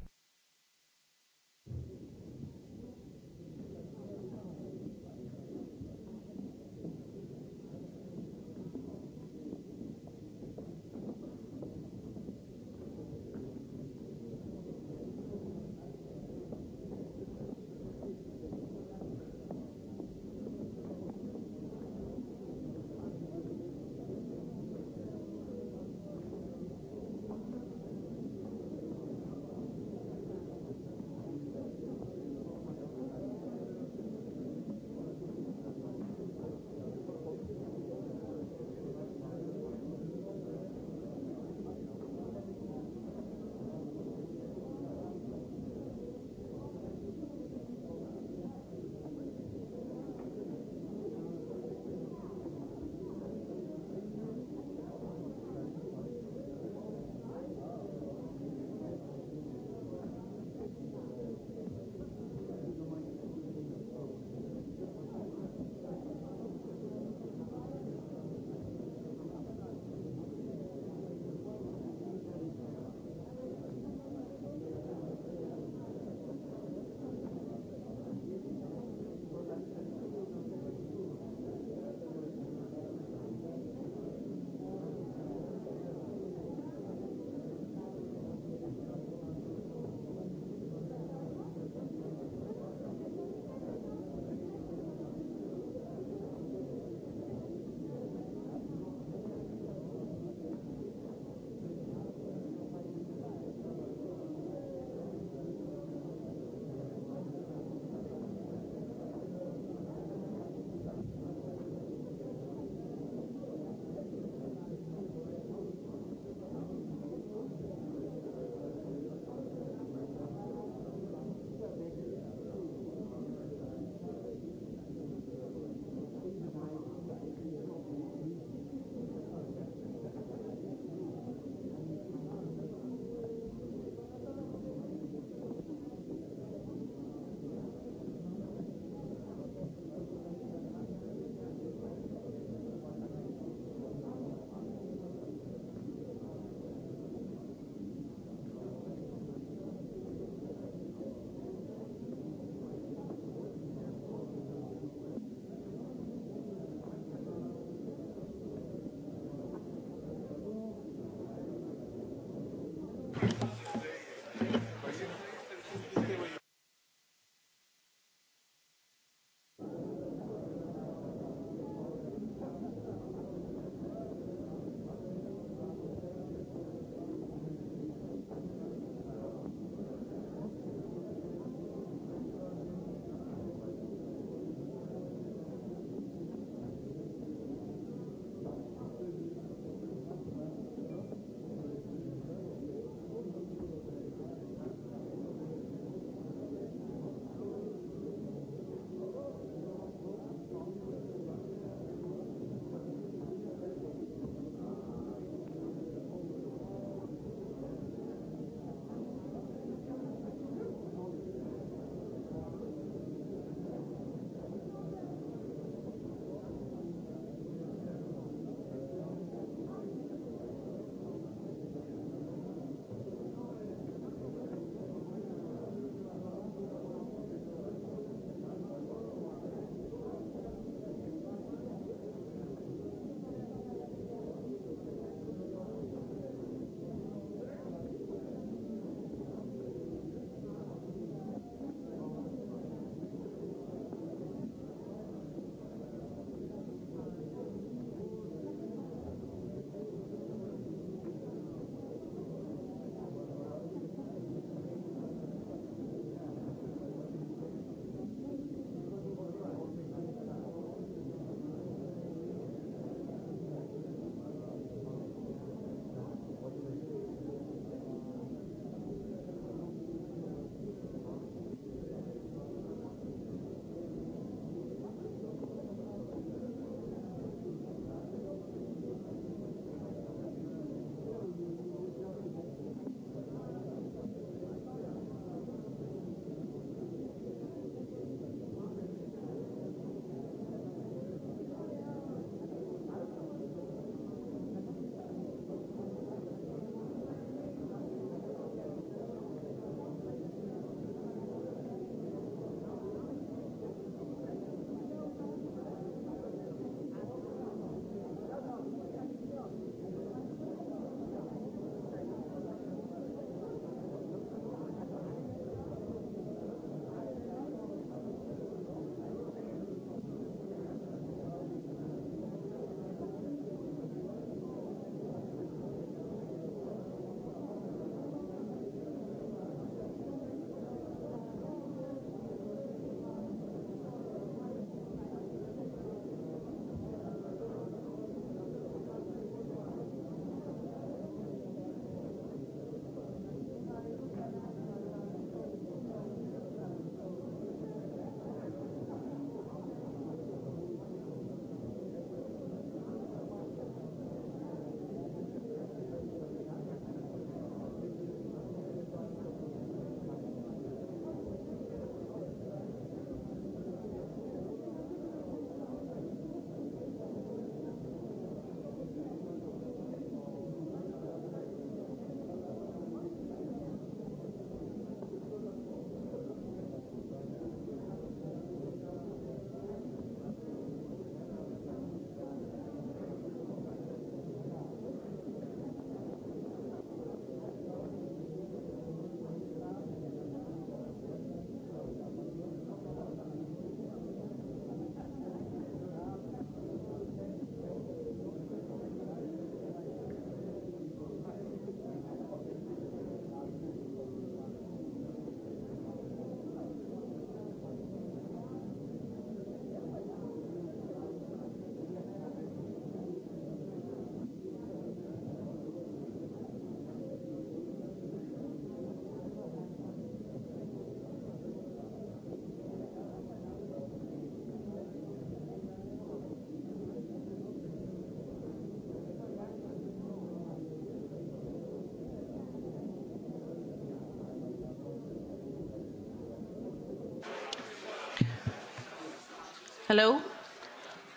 Hello.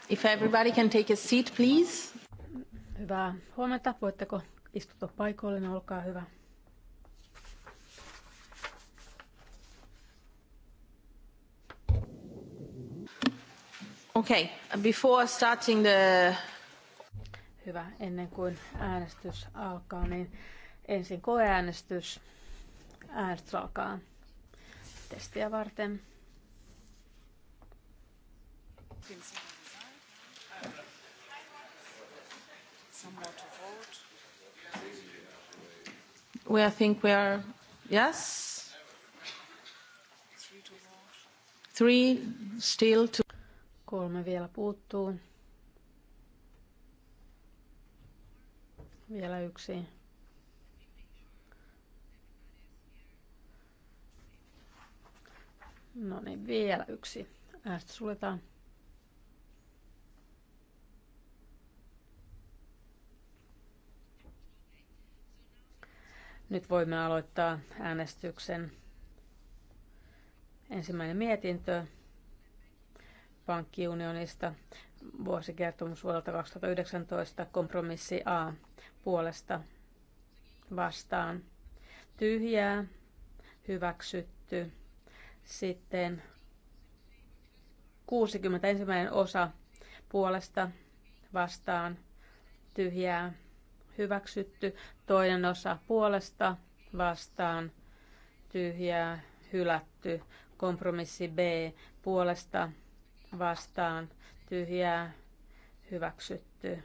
If everybody can take a seat, please.
Hyvää huomenta. Voitteko istutua paikoillenne? No, olkaa hyvä. Okay, before starting the... Hyvä, ennen kuin äänestys alkaa, niin ensin koeäänestys. Äänestys alkaa testiä varten.
Prinzip. Some more to vote.
We, I think we
are, yes? Three still to... Kolme vielä puuttuu. Vielä yksi. No niin, vielä yksi. Äänestys suljetaan. Nyt voimme aloittaa äänestyksen. Ensimmäinen mietintö pankkiunionista vuosikertomus vuodelta 2019 kompromissi A puolesta vastaan. Tyhjää, hyväksytty. Sitten 61. osa puolesta vastaan tyhjää hyväksytty, toinen osa puolesta vastaan tyhjää hylätty, kompromissi B puolesta vastaan tyhjää hyväksytty.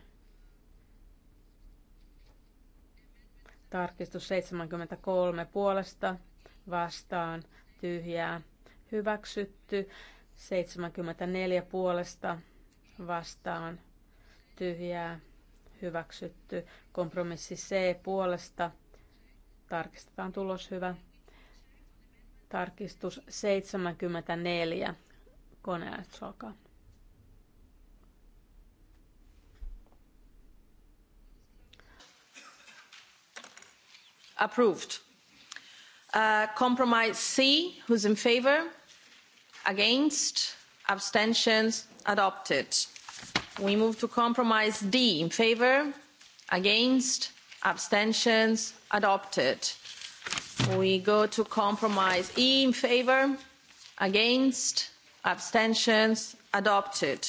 Tarkistus 73 puolesta vastaan tyhjää hyväksytty. 74 puolesta vastaan tyhjää hyväksytty. Kompromissi C puolesta. Tarkistetaan tulos hyvä. Tarkistus 74. Koneäänestys alkaa. Approved.
Uh, compromise C, who's in favor? Against? Abstentions? Adopted we move to compromise d in favour against abstentions adopted we go to compromise e in favour against abstentions adopted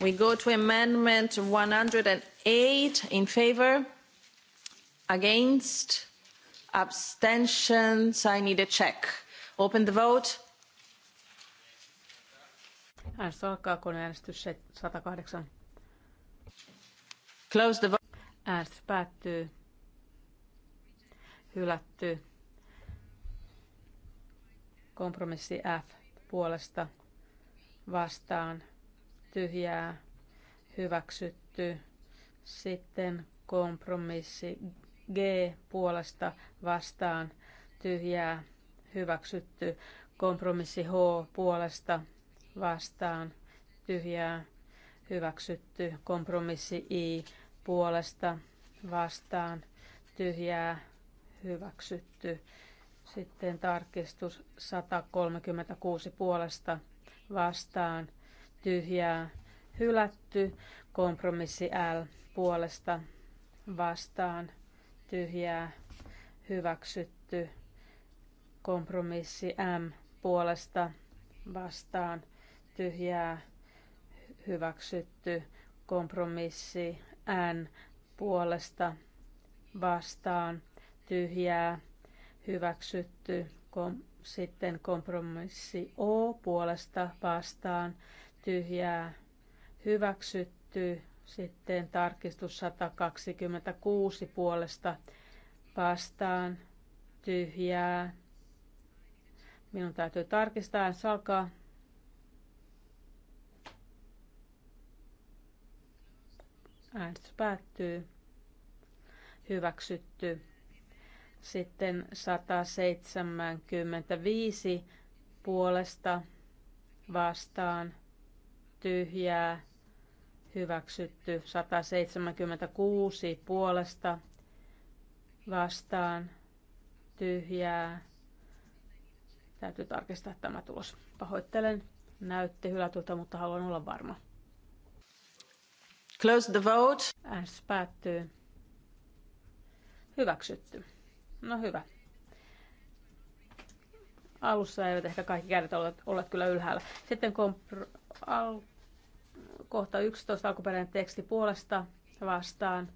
we go to amendment 108 in favour against
abstentions i need a check open the vote Äänestys alkaa, kun äänestys 108. Close the Äänestys päättyy. Hylätty. Kompromissi F puolesta vastaan tyhjää hyväksytty. Sitten kompromissi G puolesta vastaan tyhjää hyväksytty. Kompromissi H puolesta vastaan tyhjää hyväksytty. Kompromissi I puolesta vastaan tyhjää hyväksytty. Sitten tarkistus 136 puolesta vastaan tyhjää hylätty. Kompromissi L puolesta vastaan tyhjää hyväksytty. Kompromissi M puolesta vastaan tyhjää hyväksytty kompromissi N puolesta vastaan tyhjää hyväksytty. Kom- sitten kompromissi O puolesta vastaan tyhjää hyväksytty. Sitten tarkistus 126 puolesta vastaan tyhjää. Minun täytyy tarkistaa, salkaa. Äänestys päättyy. Hyväksytty. Sitten 175 puolesta vastaan tyhjää. Hyväksytty. 176 puolesta vastaan tyhjää. Täytyy tarkistaa tämä tulos. Pahoittelen. Näytti hylätulta, mutta haluan olla varma. Close the vote. Äänestys päättyy. Hyväksytty. No hyvä. Alussa eivät ehkä kaikki kädet olleet, olleet kyllä ylhäällä. Sitten kompro, al, kohta 11 alkuperäinen teksti puolesta vastaan.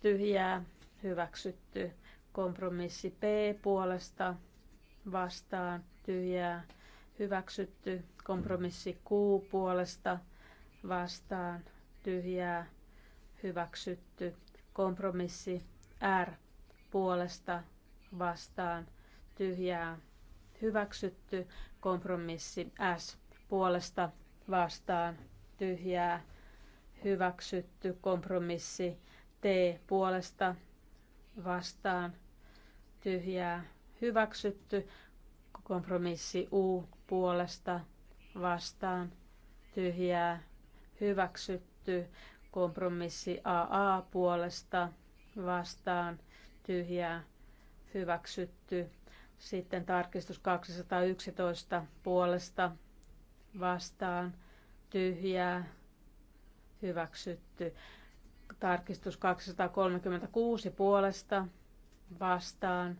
Tyhjää. Hyväksytty. Kompromissi P puolesta vastaan. Tyhjää. Hyväksytty. Kompromissi Q puolesta vastaan tyhjää hyväksytty. Kompromissi R puolesta vastaan tyhjää hyväksytty. Kompromissi S puolesta vastaan tyhjää hyväksytty. Kompromissi T puolesta vastaan tyhjää hyväksytty. Kompromissi U puolesta vastaan tyhjää hyväksytty. Kompromissi AA puolesta vastaan tyhjää hyväksytty. Sitten tarkistus 211 puolesta vastaan tyhjää hyväksytty. Tarkistus 236 puolesta vastaan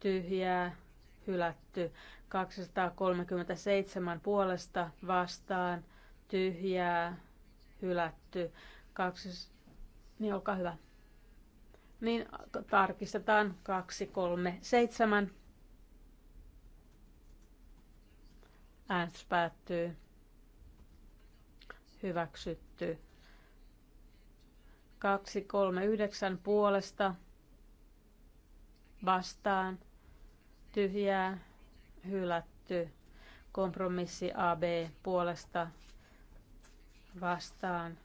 tyhjää hylätty. 237 puolesta vastaan tyhjää hylätty. Kaksi, niin olkaa hyvä. Niin tarkistetaan 237. Äänestys päättyy. Hyväksytty. yhdeksän puolesta vastaan tyhjää hylätty. Kompromissi AB puolesta vastaan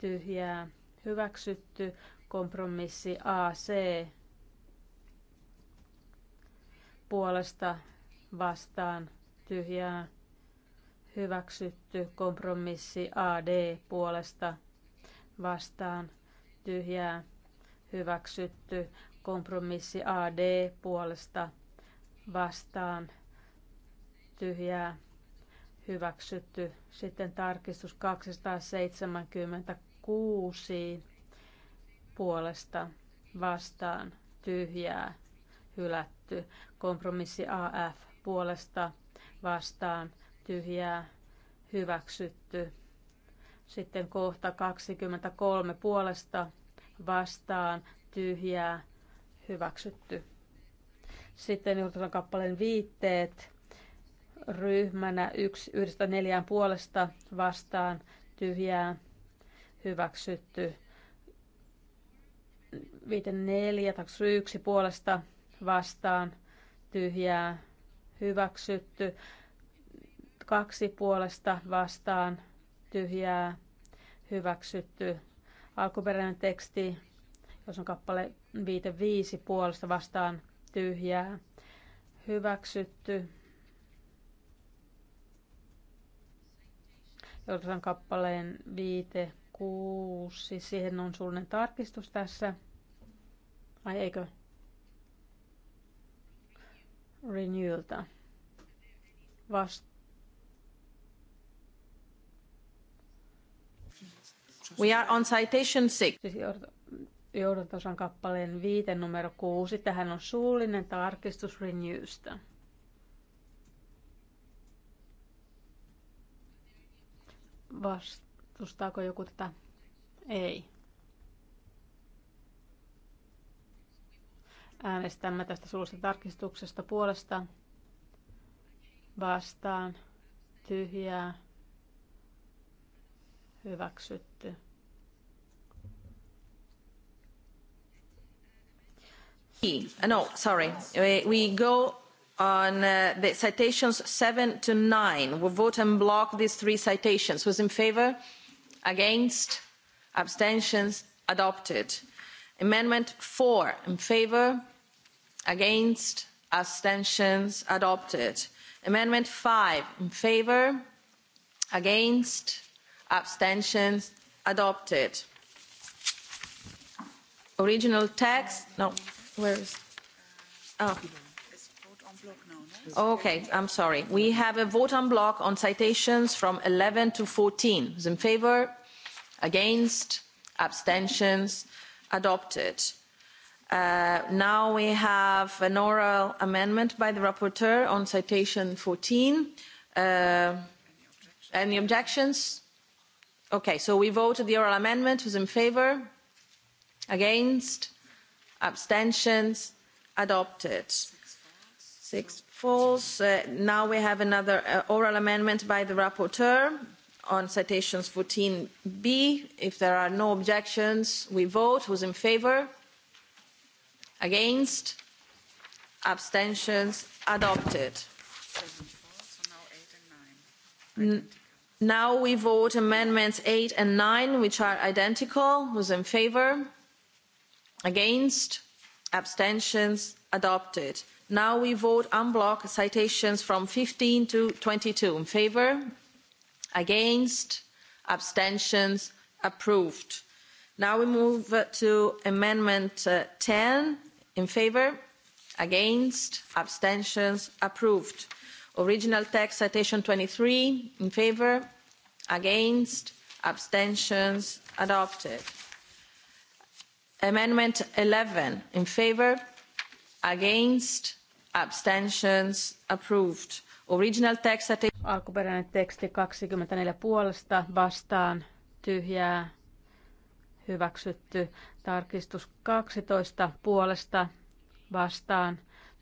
tyhjää hyväksytty. Kompromissi AC puolesta vastaan tyhjää hyväksytty. Kompromissi AD puolesta vastaan tyhjää hyväksytty. Kompromissi AD puolesta vastaan tyhjää hyväksytty. Sitten tarkistus 276 puolesta vastaan tyhjää hylätty. Kompromissi AF puolesta vastaan tyhjää hyväksytty. Sitten kohta 23 puolesta vastaan tyhjää hyväksytty. Sitten johtosan kappaleen viitteet ryhmänä yksi yhdestä neljään puolesta vastaan tyhjää hyväksytty. neljä tai yksi puolesta vastaan tyhjää hyväksytty. Kaksi puolesta vastaan tyhjää hyväksytty. Alkuperäinen teksti, jos on kappale viite viisi puolesta vastaan tyhjää hyväksytty. Joltain kappaleen viite, kuusi, siihen on sulle tarkistus tässä. Ai eikö? Renewlta. Vast... We are on citation six. Siis kappaleen viite numero kuusi. Tähän on suullinen tarkistus Renewstä. Vastustaako joku tätä? Ei. Äänestämme tästä suullisesta tarkistuksesta puolesta. Vastaan. Tyhjää. Hyväksytty. Uh,
no, sorry. We go on uh, the citations seven to nine. We'll vote and block these three citations. Who's in favour? Against? Abstentions? Adopted. Amendment four in favour? Against? Abstentions? Adopted. Amendment five in favour? Against? Abstentions? Adopted. Original text? No. Where is? Oh. Okay, I'm sorry. We have a vote on block on citations from 11 to 14. Those in favour? Against? Abstentions? Adopted. Uh, now we have an oral amendment by the rapporteur on citation 14. Uh, any objections? Okay, so we voted the oral amendment. Who's in favour? Against? Abstentions? Adopted. Six falls. Uh, now we have another uh, oral amendment by the rapporteur on citations 14b. If there are no objections, we vote. Who's in favour? Against? Abstentions? Adopted. now we vote amendments 8 and 9, which are identical. Who's in favour? Against? Abstentions? adopted. now we vote en bloc citations from fifteen to twenty two in favour against abstentions approved. now we move to amendment uh, ten in favour against abstentions approved. original text citation twenty three in favour against abstentions adopted. amendment eleven in favour
against abstentions approved. Original text at... Alkuperäinen teksti 24 puolesta vastaan tyhjää hyväksytty. Tarkistus 12 puolesta vastaan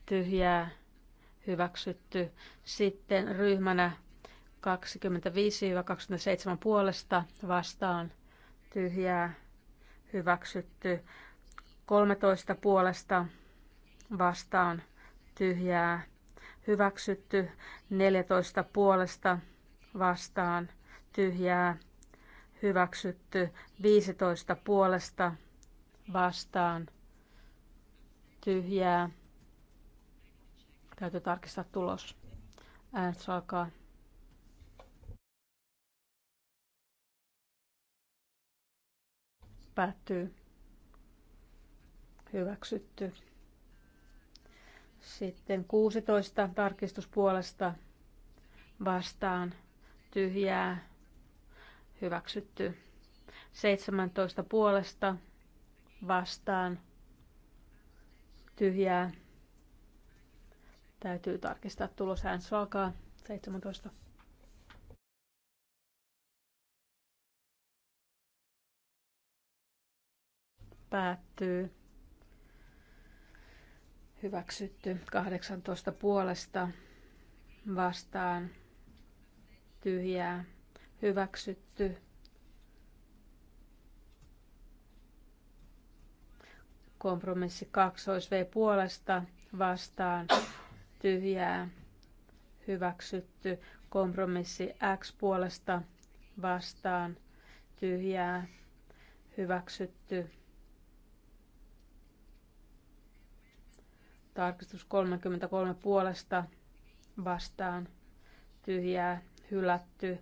tyhjää hyväksytty. Sitten ryhmänä 25-27 puolesta vastaan tyhjää hyväksytty. 13 puolesta vastaan tyhjää hyväksytty, 14 puolesta vastaan tyhjää hyväksytty, 15 puolesta vastaan tyhjää. Täytyy tarkistaa tulos. Äänestys alkaa. Päättyy. Hyväksytty. Sitten 16 tarkistuspuolesta vastaan tyhjää hyväksytty. 17 puolesta vastaan tyhjää. Täytyy tarkistaa tulos. Äänestys alkaa 17. Päättyy. Hyväksytty 18 puolesta vastaan tyhjää. Hyväksytty kompromissi 2 V puolesta vastaan tyhjää. Hyväksytty kompromissi X puolesta vastaan tyhjää. Hyväksytty Tarkistus 33 puolesta vastaan tyhjää hylätty.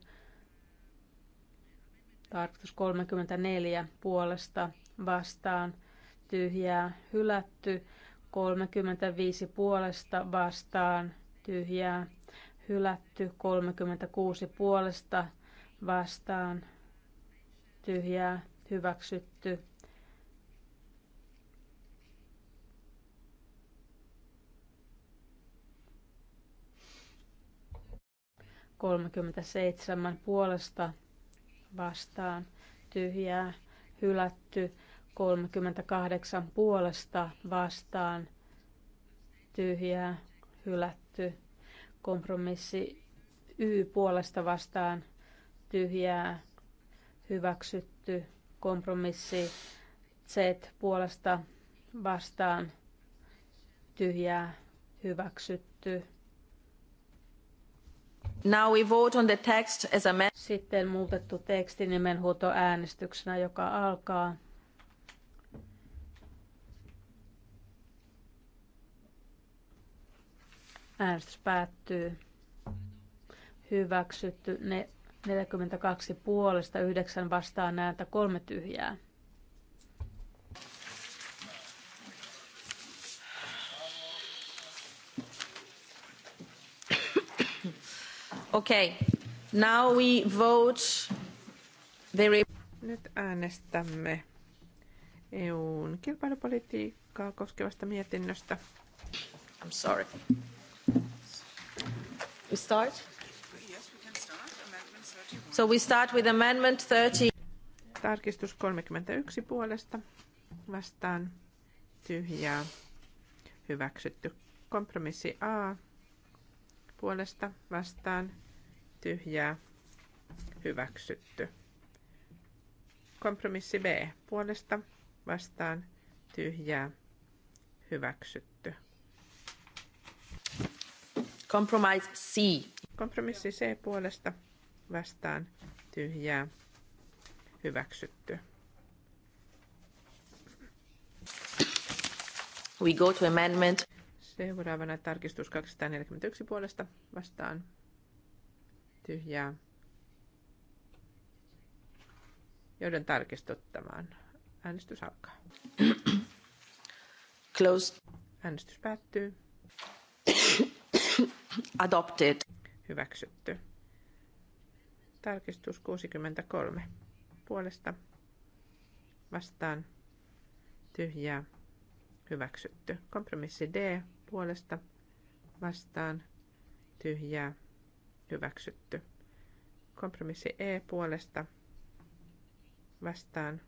Tarkistus 34 puolesta vastaan tyhjää hylätty. 35 puolesta vastaan tyhjää hylätty. 36 puolesta vastaan tyhjää hyväksytty. 37 puolesta vastaan tyhjää hylätty. 38 puolesta vastaan tyhjää hylätty. Kompromissi Y puolesta vastaan tyhjää hyväksytty. Kompromissi Z puolesta vastaan tyhjää hyväksytty. Now we vote on the text as a Sitten muutettu teksti nimenhuutoäänestyksenä, joka alkaa. Äänestys päättyy. Hyväksytty ne 42 puolesta, 9 vastaan näitä kolme tyhjää.
Okay.
Now we vote the... Nyt äänestämme EUn kilpailupolitiikkaa koskevasta mietinnöstä. I'm sorry. We start? Yes, we can start. Amendment 31. So we start with amendment 30. Tarkistus 31 puolesta vastaan tyhjää hyväksytty. Kompromissi A puolesta vastaan tyhjää, hyväksytty. Kompromissi B puolesta vastaan tyhjää, hyväksytty. Compromise C. Kompromissi C puolesta vastaan tyhjää, hyväksytty. We go to amendment. Seuraavana tarkistus 241 puolesta vastaan tyhjää. Joudun tarkistuttamaan. Äänestys alkaa. Close. Äänestys päättyy. Adopted. Hyväksytty. Tarkistus 63. Puolesta vastaan tyhjää. Hyväksytty. Kompromissi D puolesta vastaan tyhjää hyväksytty. Kompromissi E puolesta vastaan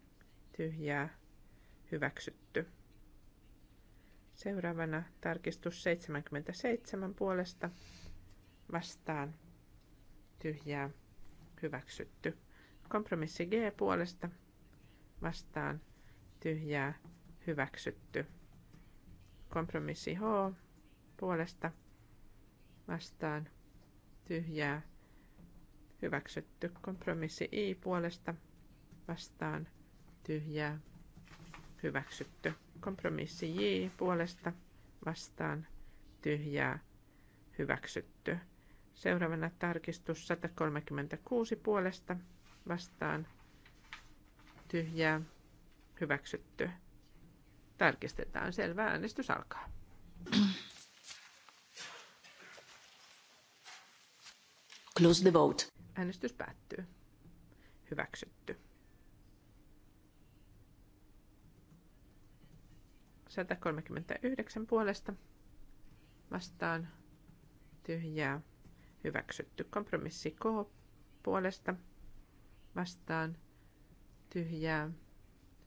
tyhjää hyväksytty. Seuraavana tarkistus 77 puolesta vastaan tyhjää hyväksytty. Kompromissi G puolesta vastaan tyhjää hyväksytty. Kompromissi H puolesta vastaan tyhjää hyväksytty. Kompromissi I puolesta vastaan tyhjää hyväksytty. Kompromissi J puolesta vastaan tyhjää hyväksytty. Seuraavana tarkistus 136 puolesta vastaan tyhjää hyväksytty. Tarkistetaan selvä äänestys alkaa. Close the vote. Äänestys päättyy. Hyväksytty. 139 puolesta vastaan tyhjää hyväksytty. Kompromissi K puolesta vastaan tyhjää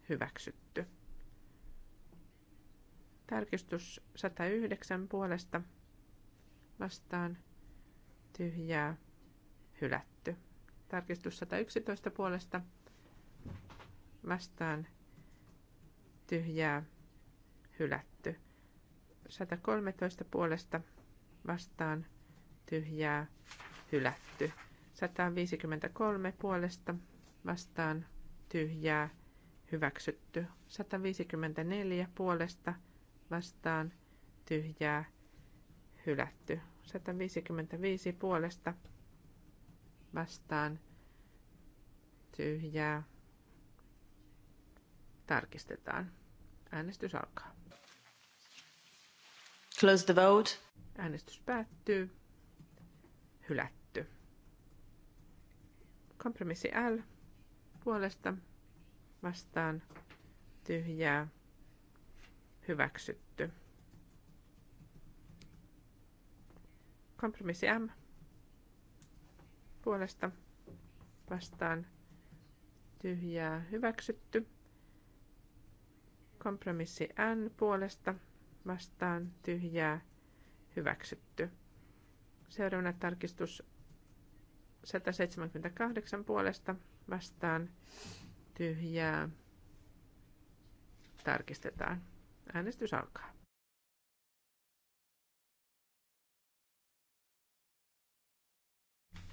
hyväksytty. Tarkistus 109 puolesta vastaan tyhjää hylätty. Tarkistus 111 puolesta vastaan tyhjää hylätty. 113 puolesta vastaan tyhjää hylätty. 153 puolesta vastaan tyhjää hyväksytty. 154 puolesta vastaan tyhjää hylätty. 155 puolesta vastaan tyhjää. Tarkistetaan. Äänestys alkaa. Close the vote. Äänestys päättyy. Hylätty. Kompromissi L puolesta vastaan tyhjää. Hyväksytty. Kompromissi M puolesta vastaan tyhjää hyväksytty. Kompromissi N puolesta vastaan tyhjää hyväksytty. Seuraavana tarkistus 178 puolesta vastaan tyhjää tarkistetaan. Äänestys alkaa.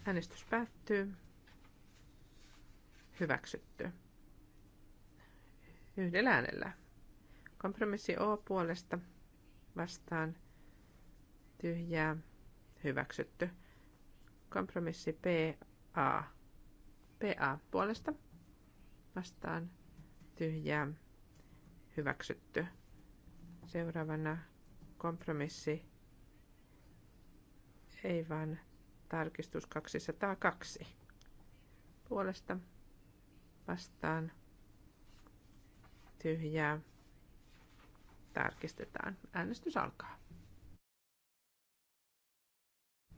Äänestys päättyy. Hyväksytty. Yhdellä äänellä. Kompromissi O puolesta vastaan tyhjää hyväksytty. Kompromissi PA. PA puolesta vastaan tyhjää hyväksytty. Seuraavana kompromissi ei vaan tarkistus 202 puolesta vastaan tyhjää tarkistetaan. Äänestys alkaa.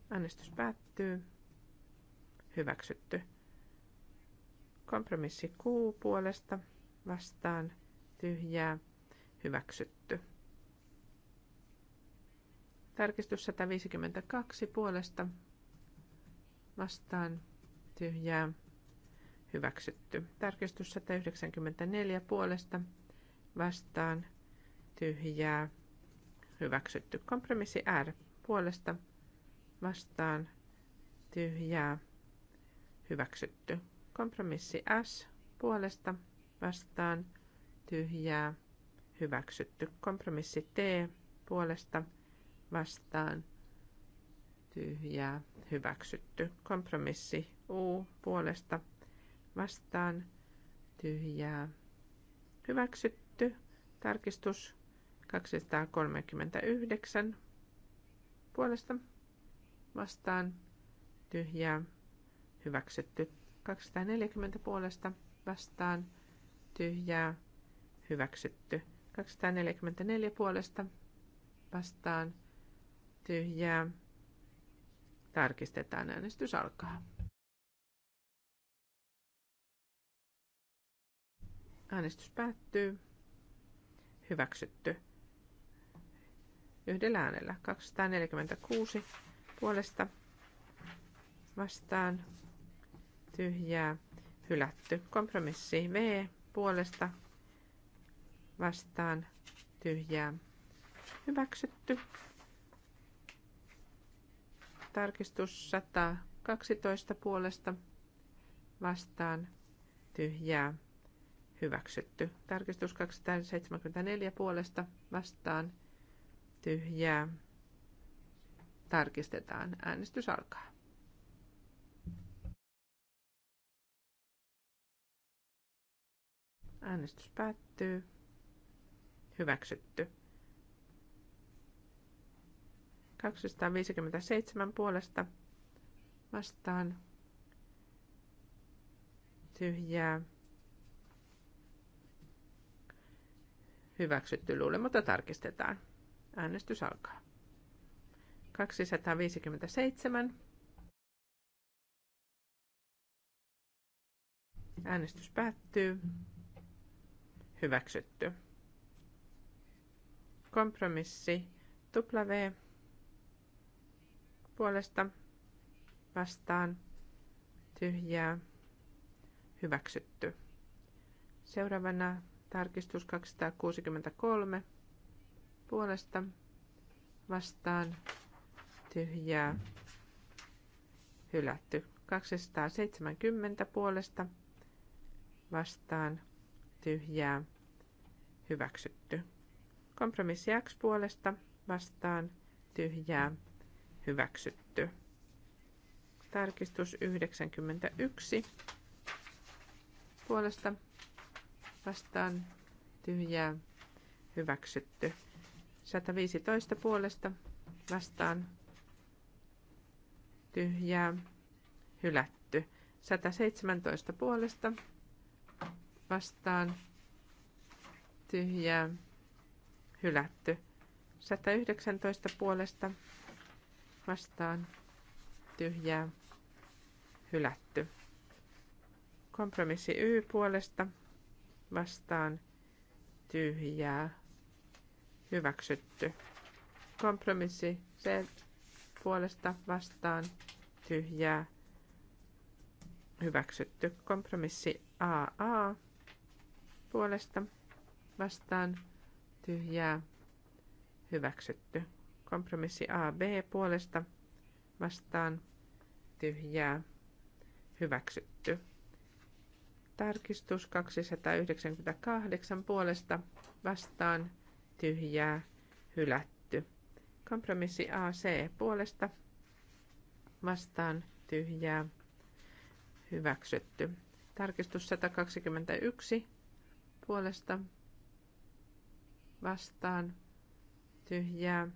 Äänestys päättyy. Hyväksytty. Kompromissi Q puolesta vastaan tyhjää hyväksytty. Tarkistus 152 puolesta vastaan tyhjää hyväksytty. Tarkistus 194 puolesta vastaan tyhjää hyväksytty. Kompromissi R puolesta vastaan tyhjää hyväksytty. Kompromissi S puolesta vastaan tyhjää hyväksytty. Kompromissi T puolesta vastaan tyhjää hyväksytty. Kompromissi U puolesta vastaan tyhjää hyväksytty. Tarkistus 239 puolesta vastaan tyhjää hyväksytty. 240 puolesta vastaan tyhjää hyväksytty. 244 puolesta vastaan tyhjää Tarkistetaan äänestys alkaa. Äänestys päättyy. Hyväksytty. Yhdellä äänellä 246 puolesta vastaan tyhjää hylätty. Kompromissi V puolesta vastaan tyhjää hyväksytty. Tarkistus 112 puolesta vastaan tyhjää hyväksytty. Tarkistus 274 puolesta vastaan tyhjää. Tarkistetaan. Äänestys alkaa. Äänestys päättyy. Hyväksytty. 257 puolesta vastaan tyhjää. Hyväksytty luule, mutta tarkistetaan. Äänestys alkaa. 257. Äänestys päättyy. Hyväksytty. Kompromissi W puolesta vastaan tyhjää hyväksytty. Seuraavana tarkistus 263 puolesta vastaan tyhjää hylätty. 270 puolesta vastaan tyhjää hyväksytty. Kompromissi X puolesta vastaan tyhjää hyväksytty. Tarkistus 91 puolesta vastaan tyhjää hyväksytty. 115 puolesta vastaan tyhjää hylätty. 117 puolesta vastaan tyhjää hylätty. 119 puolesta vastaan tyhjää hylätty. Kompromissi Y puolesta vastaan tyhjää hyväksytty. Kompromissi C puolesta vastaan tyhjää hyväksytty. Kompromissi AA puolesta vastaan tyhjää hyväksytty. Kompromissi AB puolesta vastaan tyhjää hyväksytty. Tarkistus 298 puolesta vastaan tyhjää hylätty. Kompromissi AC puolesta vastaan tyhjää hyväksytty. Tarkistus 121 puolesta vastaan tyhjää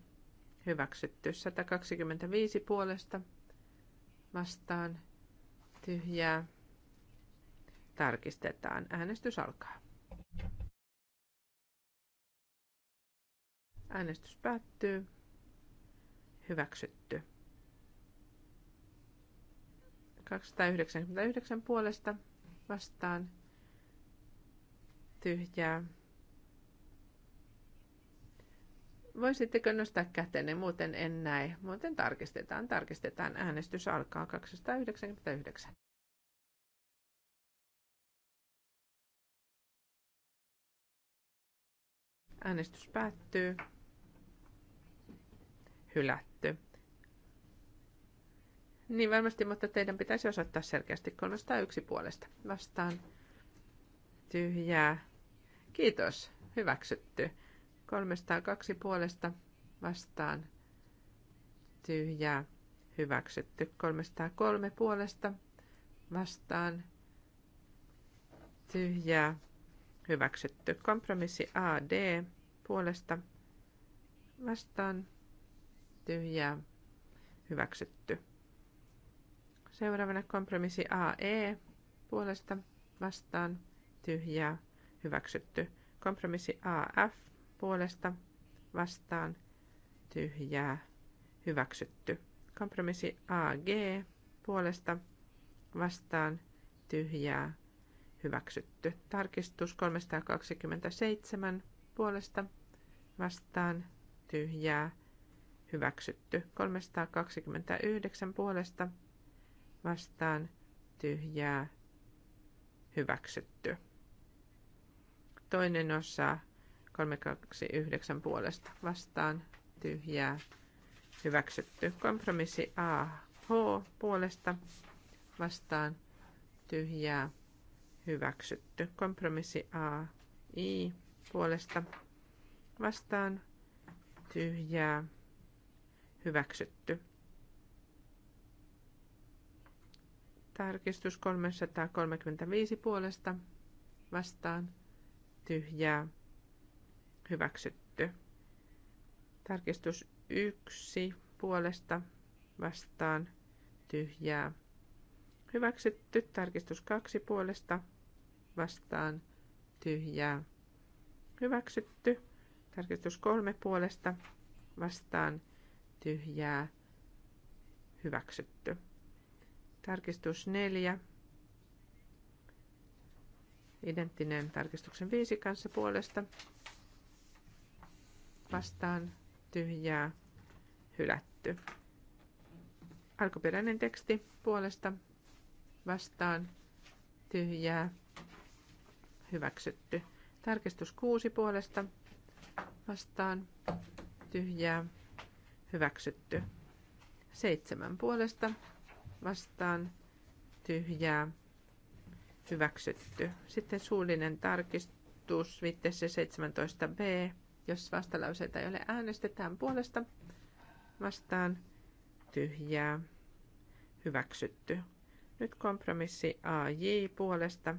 Hyväksytty. 125 puolesta vastaan tyhjää. Tarkistetaan. Äänestys alkaa. Äänestys päättyy. Hyväksytty. 299 puolesta vastaan tyhjää Voisitteko nostaa kätenne, muuten en näe. Muuten tarkistetaan, tarkistetaan. Äänestys alkaa 299. Äänestys päättyy. Hylätty. Niin varmasti, mutta teidän pitäisi osoittaa selkeästi 301 puolesta. Vastaan tyhjää. Kiitos. Hyväksytty. 302 puolesta vastaan tyhjää hyväksytty. 303 puolesta vastaan tyhjää hyväksytty. Kompromissi AD puolesta vastaan tyhjää hyväksytty. Seuraavana kompromissi AE puolesta vastaan tyhjää hyväksytty. Kompromissi AF puolesta vastaan tyhjää hyväksytty. Kompromissi AG puolesta vastaan tyhjää hyväksytty. Tarkistus 327 puolesta vastaan tyhjää hyväksytty. 329 puolesta vastaan tyhjää hyväksytty. Toinen osa 329 puolesta vastaan tyhjää hyväksytty. Kompromissi AH puolesta vastaan tyhjää hyväksytty. Kompromissi AI puolesta vastaan tyhjää hyväksytty. Tarkistus 335 puolesta vastaan tyhjää hyväksytty. Tarkistus yksi puolesta vastaan tyhjää. Hyväksytty. Tarkistus kaksi puolesta vastaan tyhjää. Hyväksytty. Tarkistus kolme puolesta vastaan tyhjää. Hyväksytty. Tarkistus neljä identtinen tarkistuksen 5 kanssa puolesta vastaan tyhjää hylätty. Alkuperäinen teksti puolesta vastaan tyhjää hyväksytty. Tarkistus kuusi puolesta vastaan tyhjää hyväksytty. seitsemän puolesta vastaan tyhjää hyväksytty. Sitten suullinen tarkistus viitteessä 17b jos vastalauseita ei ole, äänestetään puolesta vastaan tyhjää hyväksytty. Nyt kompromissi AJ puolesta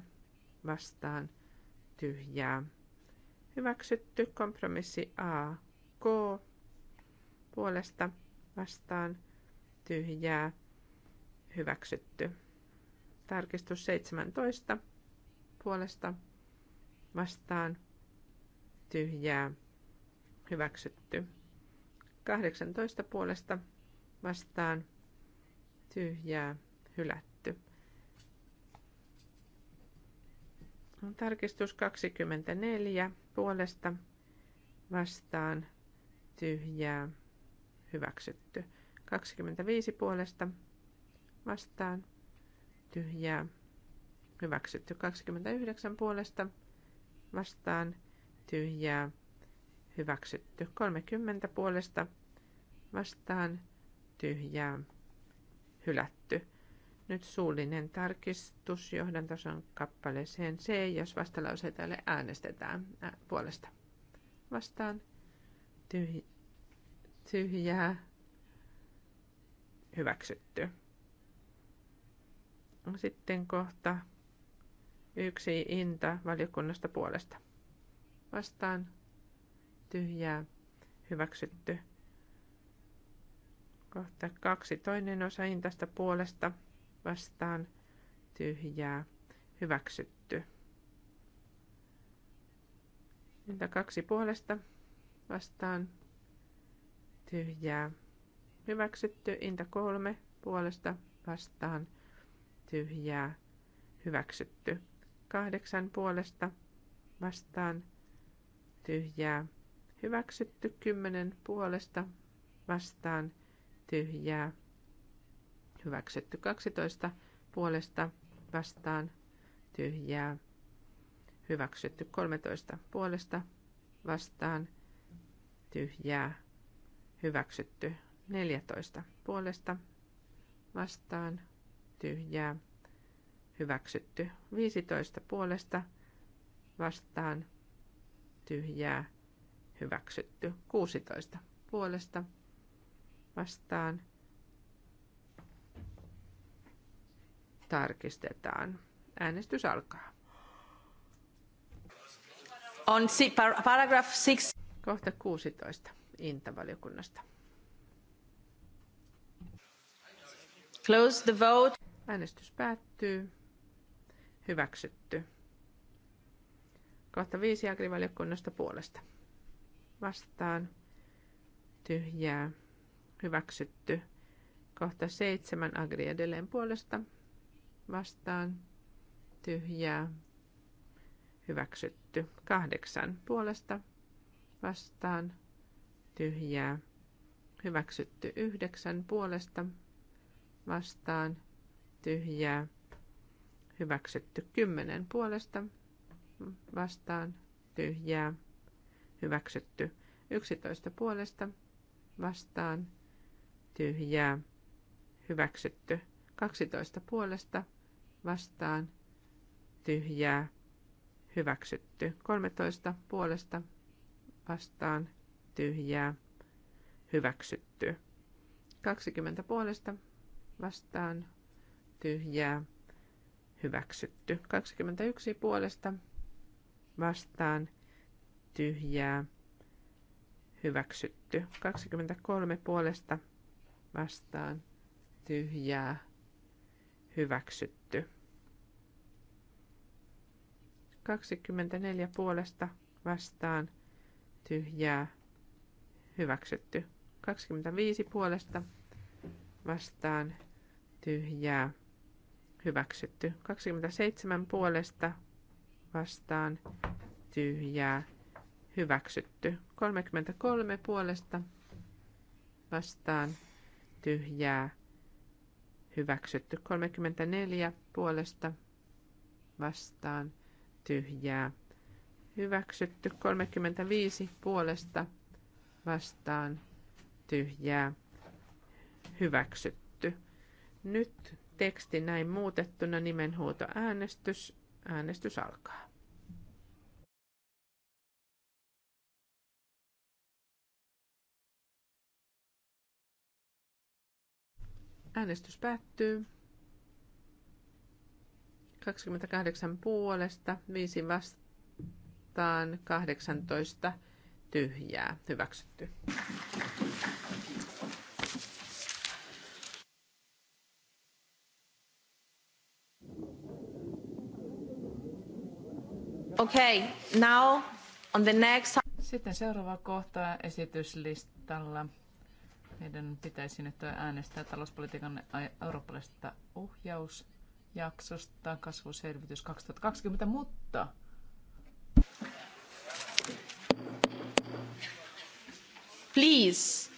vastaan tyhjää hyväksytty. Kompromissi AK puolesta vastaan tyhjää hyväksytty. Tarkistus 17 puolesta vastaan tyhjää Hyväksytty. 18 puolesta vastaan tyhjää hylätty. Tarkistus 24 puolesta vastaan tyhjää hyväksytty. 25 puolesta vastaan tyhjää hyväksytty. 29 puolesta vastaan tyhjää hyväksytty. 30 puolesta vastaan tyhjää hylätty. Nyt suullinen tarkistus johdantason kappaleeseen C, jos vastalauseita ei äänestetään ää, puolesta. Vastaan tyhj- tyhjää hyväksytty. Sitten kohta yksi inta valiokunnasta puolesta. Vastaan tyhjää hyväksytty. Kohta kaksi toinen osa intasta puolesta vastaan tyhjää hyväksytty. inta kaksi puolesta vastaan tyhjää hyväksytty. Inta kolme puolesta vastaan tyhjää hyväksytty. Kahdeksan puolesta vastaan tyhjää Hyväksytty kymmenen puolesta vastaan tyhjää. Hyväksytty 12 puolesta vastaan tyhjää. Hyväksytty 13 puolesta vastaan tyhjää. Hyväksytty 14 puolesta vastaan tyhjää. Hyväksytty 15 puolesta vastaan tyhjää hyväksytty. 16 puolesta vastaan tarkistetaan. Äänestys alkaa. On paragraph 6. Kohta 16 intavaliokunnasta. Close the vote. Äänestys päättyy. Hyväksytty. Kohta viisi agrivaliokunnasta puolesta vastaan tyhjää hyväksytty. Kohta seitsemän agri edelleen puolesta vastaan tyhjää hyväksytty. Kahdeksan puolesta vastaan tyhjää hyväksytty. Yhdeksän puolesta vastaan tyhjää hyväksytty. Kymmenen puolesta vastaan tyhjää hyväksytty. 11 puolesta vastaan tyhjää hyväksytty. 12 puolesta vastaan tyhjää hyväksytty. 13 puolesta vastaan tyhjää hyväksytty. 20 puolesta vastaan tyhjää hyväksytty. 21 puolesta vastaan tyhjää, tyhjää hyväksytty. 23 puolesta vastaan tyhjää hyväksytty. 24 puolesta vastaan tyhjää hyväksytty. 25 puolesta vastaan tyhjää hyväksytty. 27 puolesta vastaan tyhjää Hyväksytty. 33 puolesta vastaan tyhjää. Hyväksytty. 34 puolesta vastaan tyhjää. Hyväksytty. 35 puolesta vastaan tyhjää. Hyväksytty. Nyt teksti näin muutettuna äänestys Äänestys alkaa. Äänestys päättyy. 28 puolesta, 5 vastaan, 18 tyhjää. Hyväksytty.
Okay,
now on the next... Sitten seuraava kohta esityslistalla. Meidän pitäisi nyt äänestää talouspolitiikan eurooppalaisesta ohjausjaksosta kasvuselvitys 2020, mutta
Please,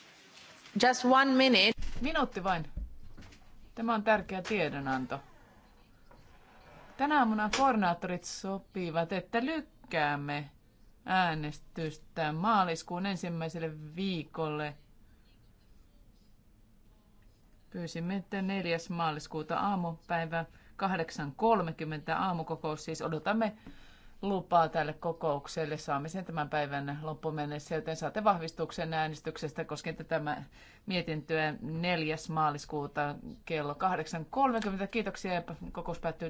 just one minute. Minuutti
vain. Tämä on tärkeä tiedonanto. Tänä aamuna koordinaattorit sopivat, että lykkäämme äänestystä maaliskuun ensimmäiselle viikolle – Pyysimme, että 4. maaliskuuta aamupäivä 8.30 aamukokous, siis odotamme lupaa tälle kokoukselle saamisen tämän päivän loppuun mennessä, joten saatte vahvistuksen äänestyksestä koskien tätä mietintöä 4. maaliskuuta kello 8.30. Kiitoksia ja kokous päättyy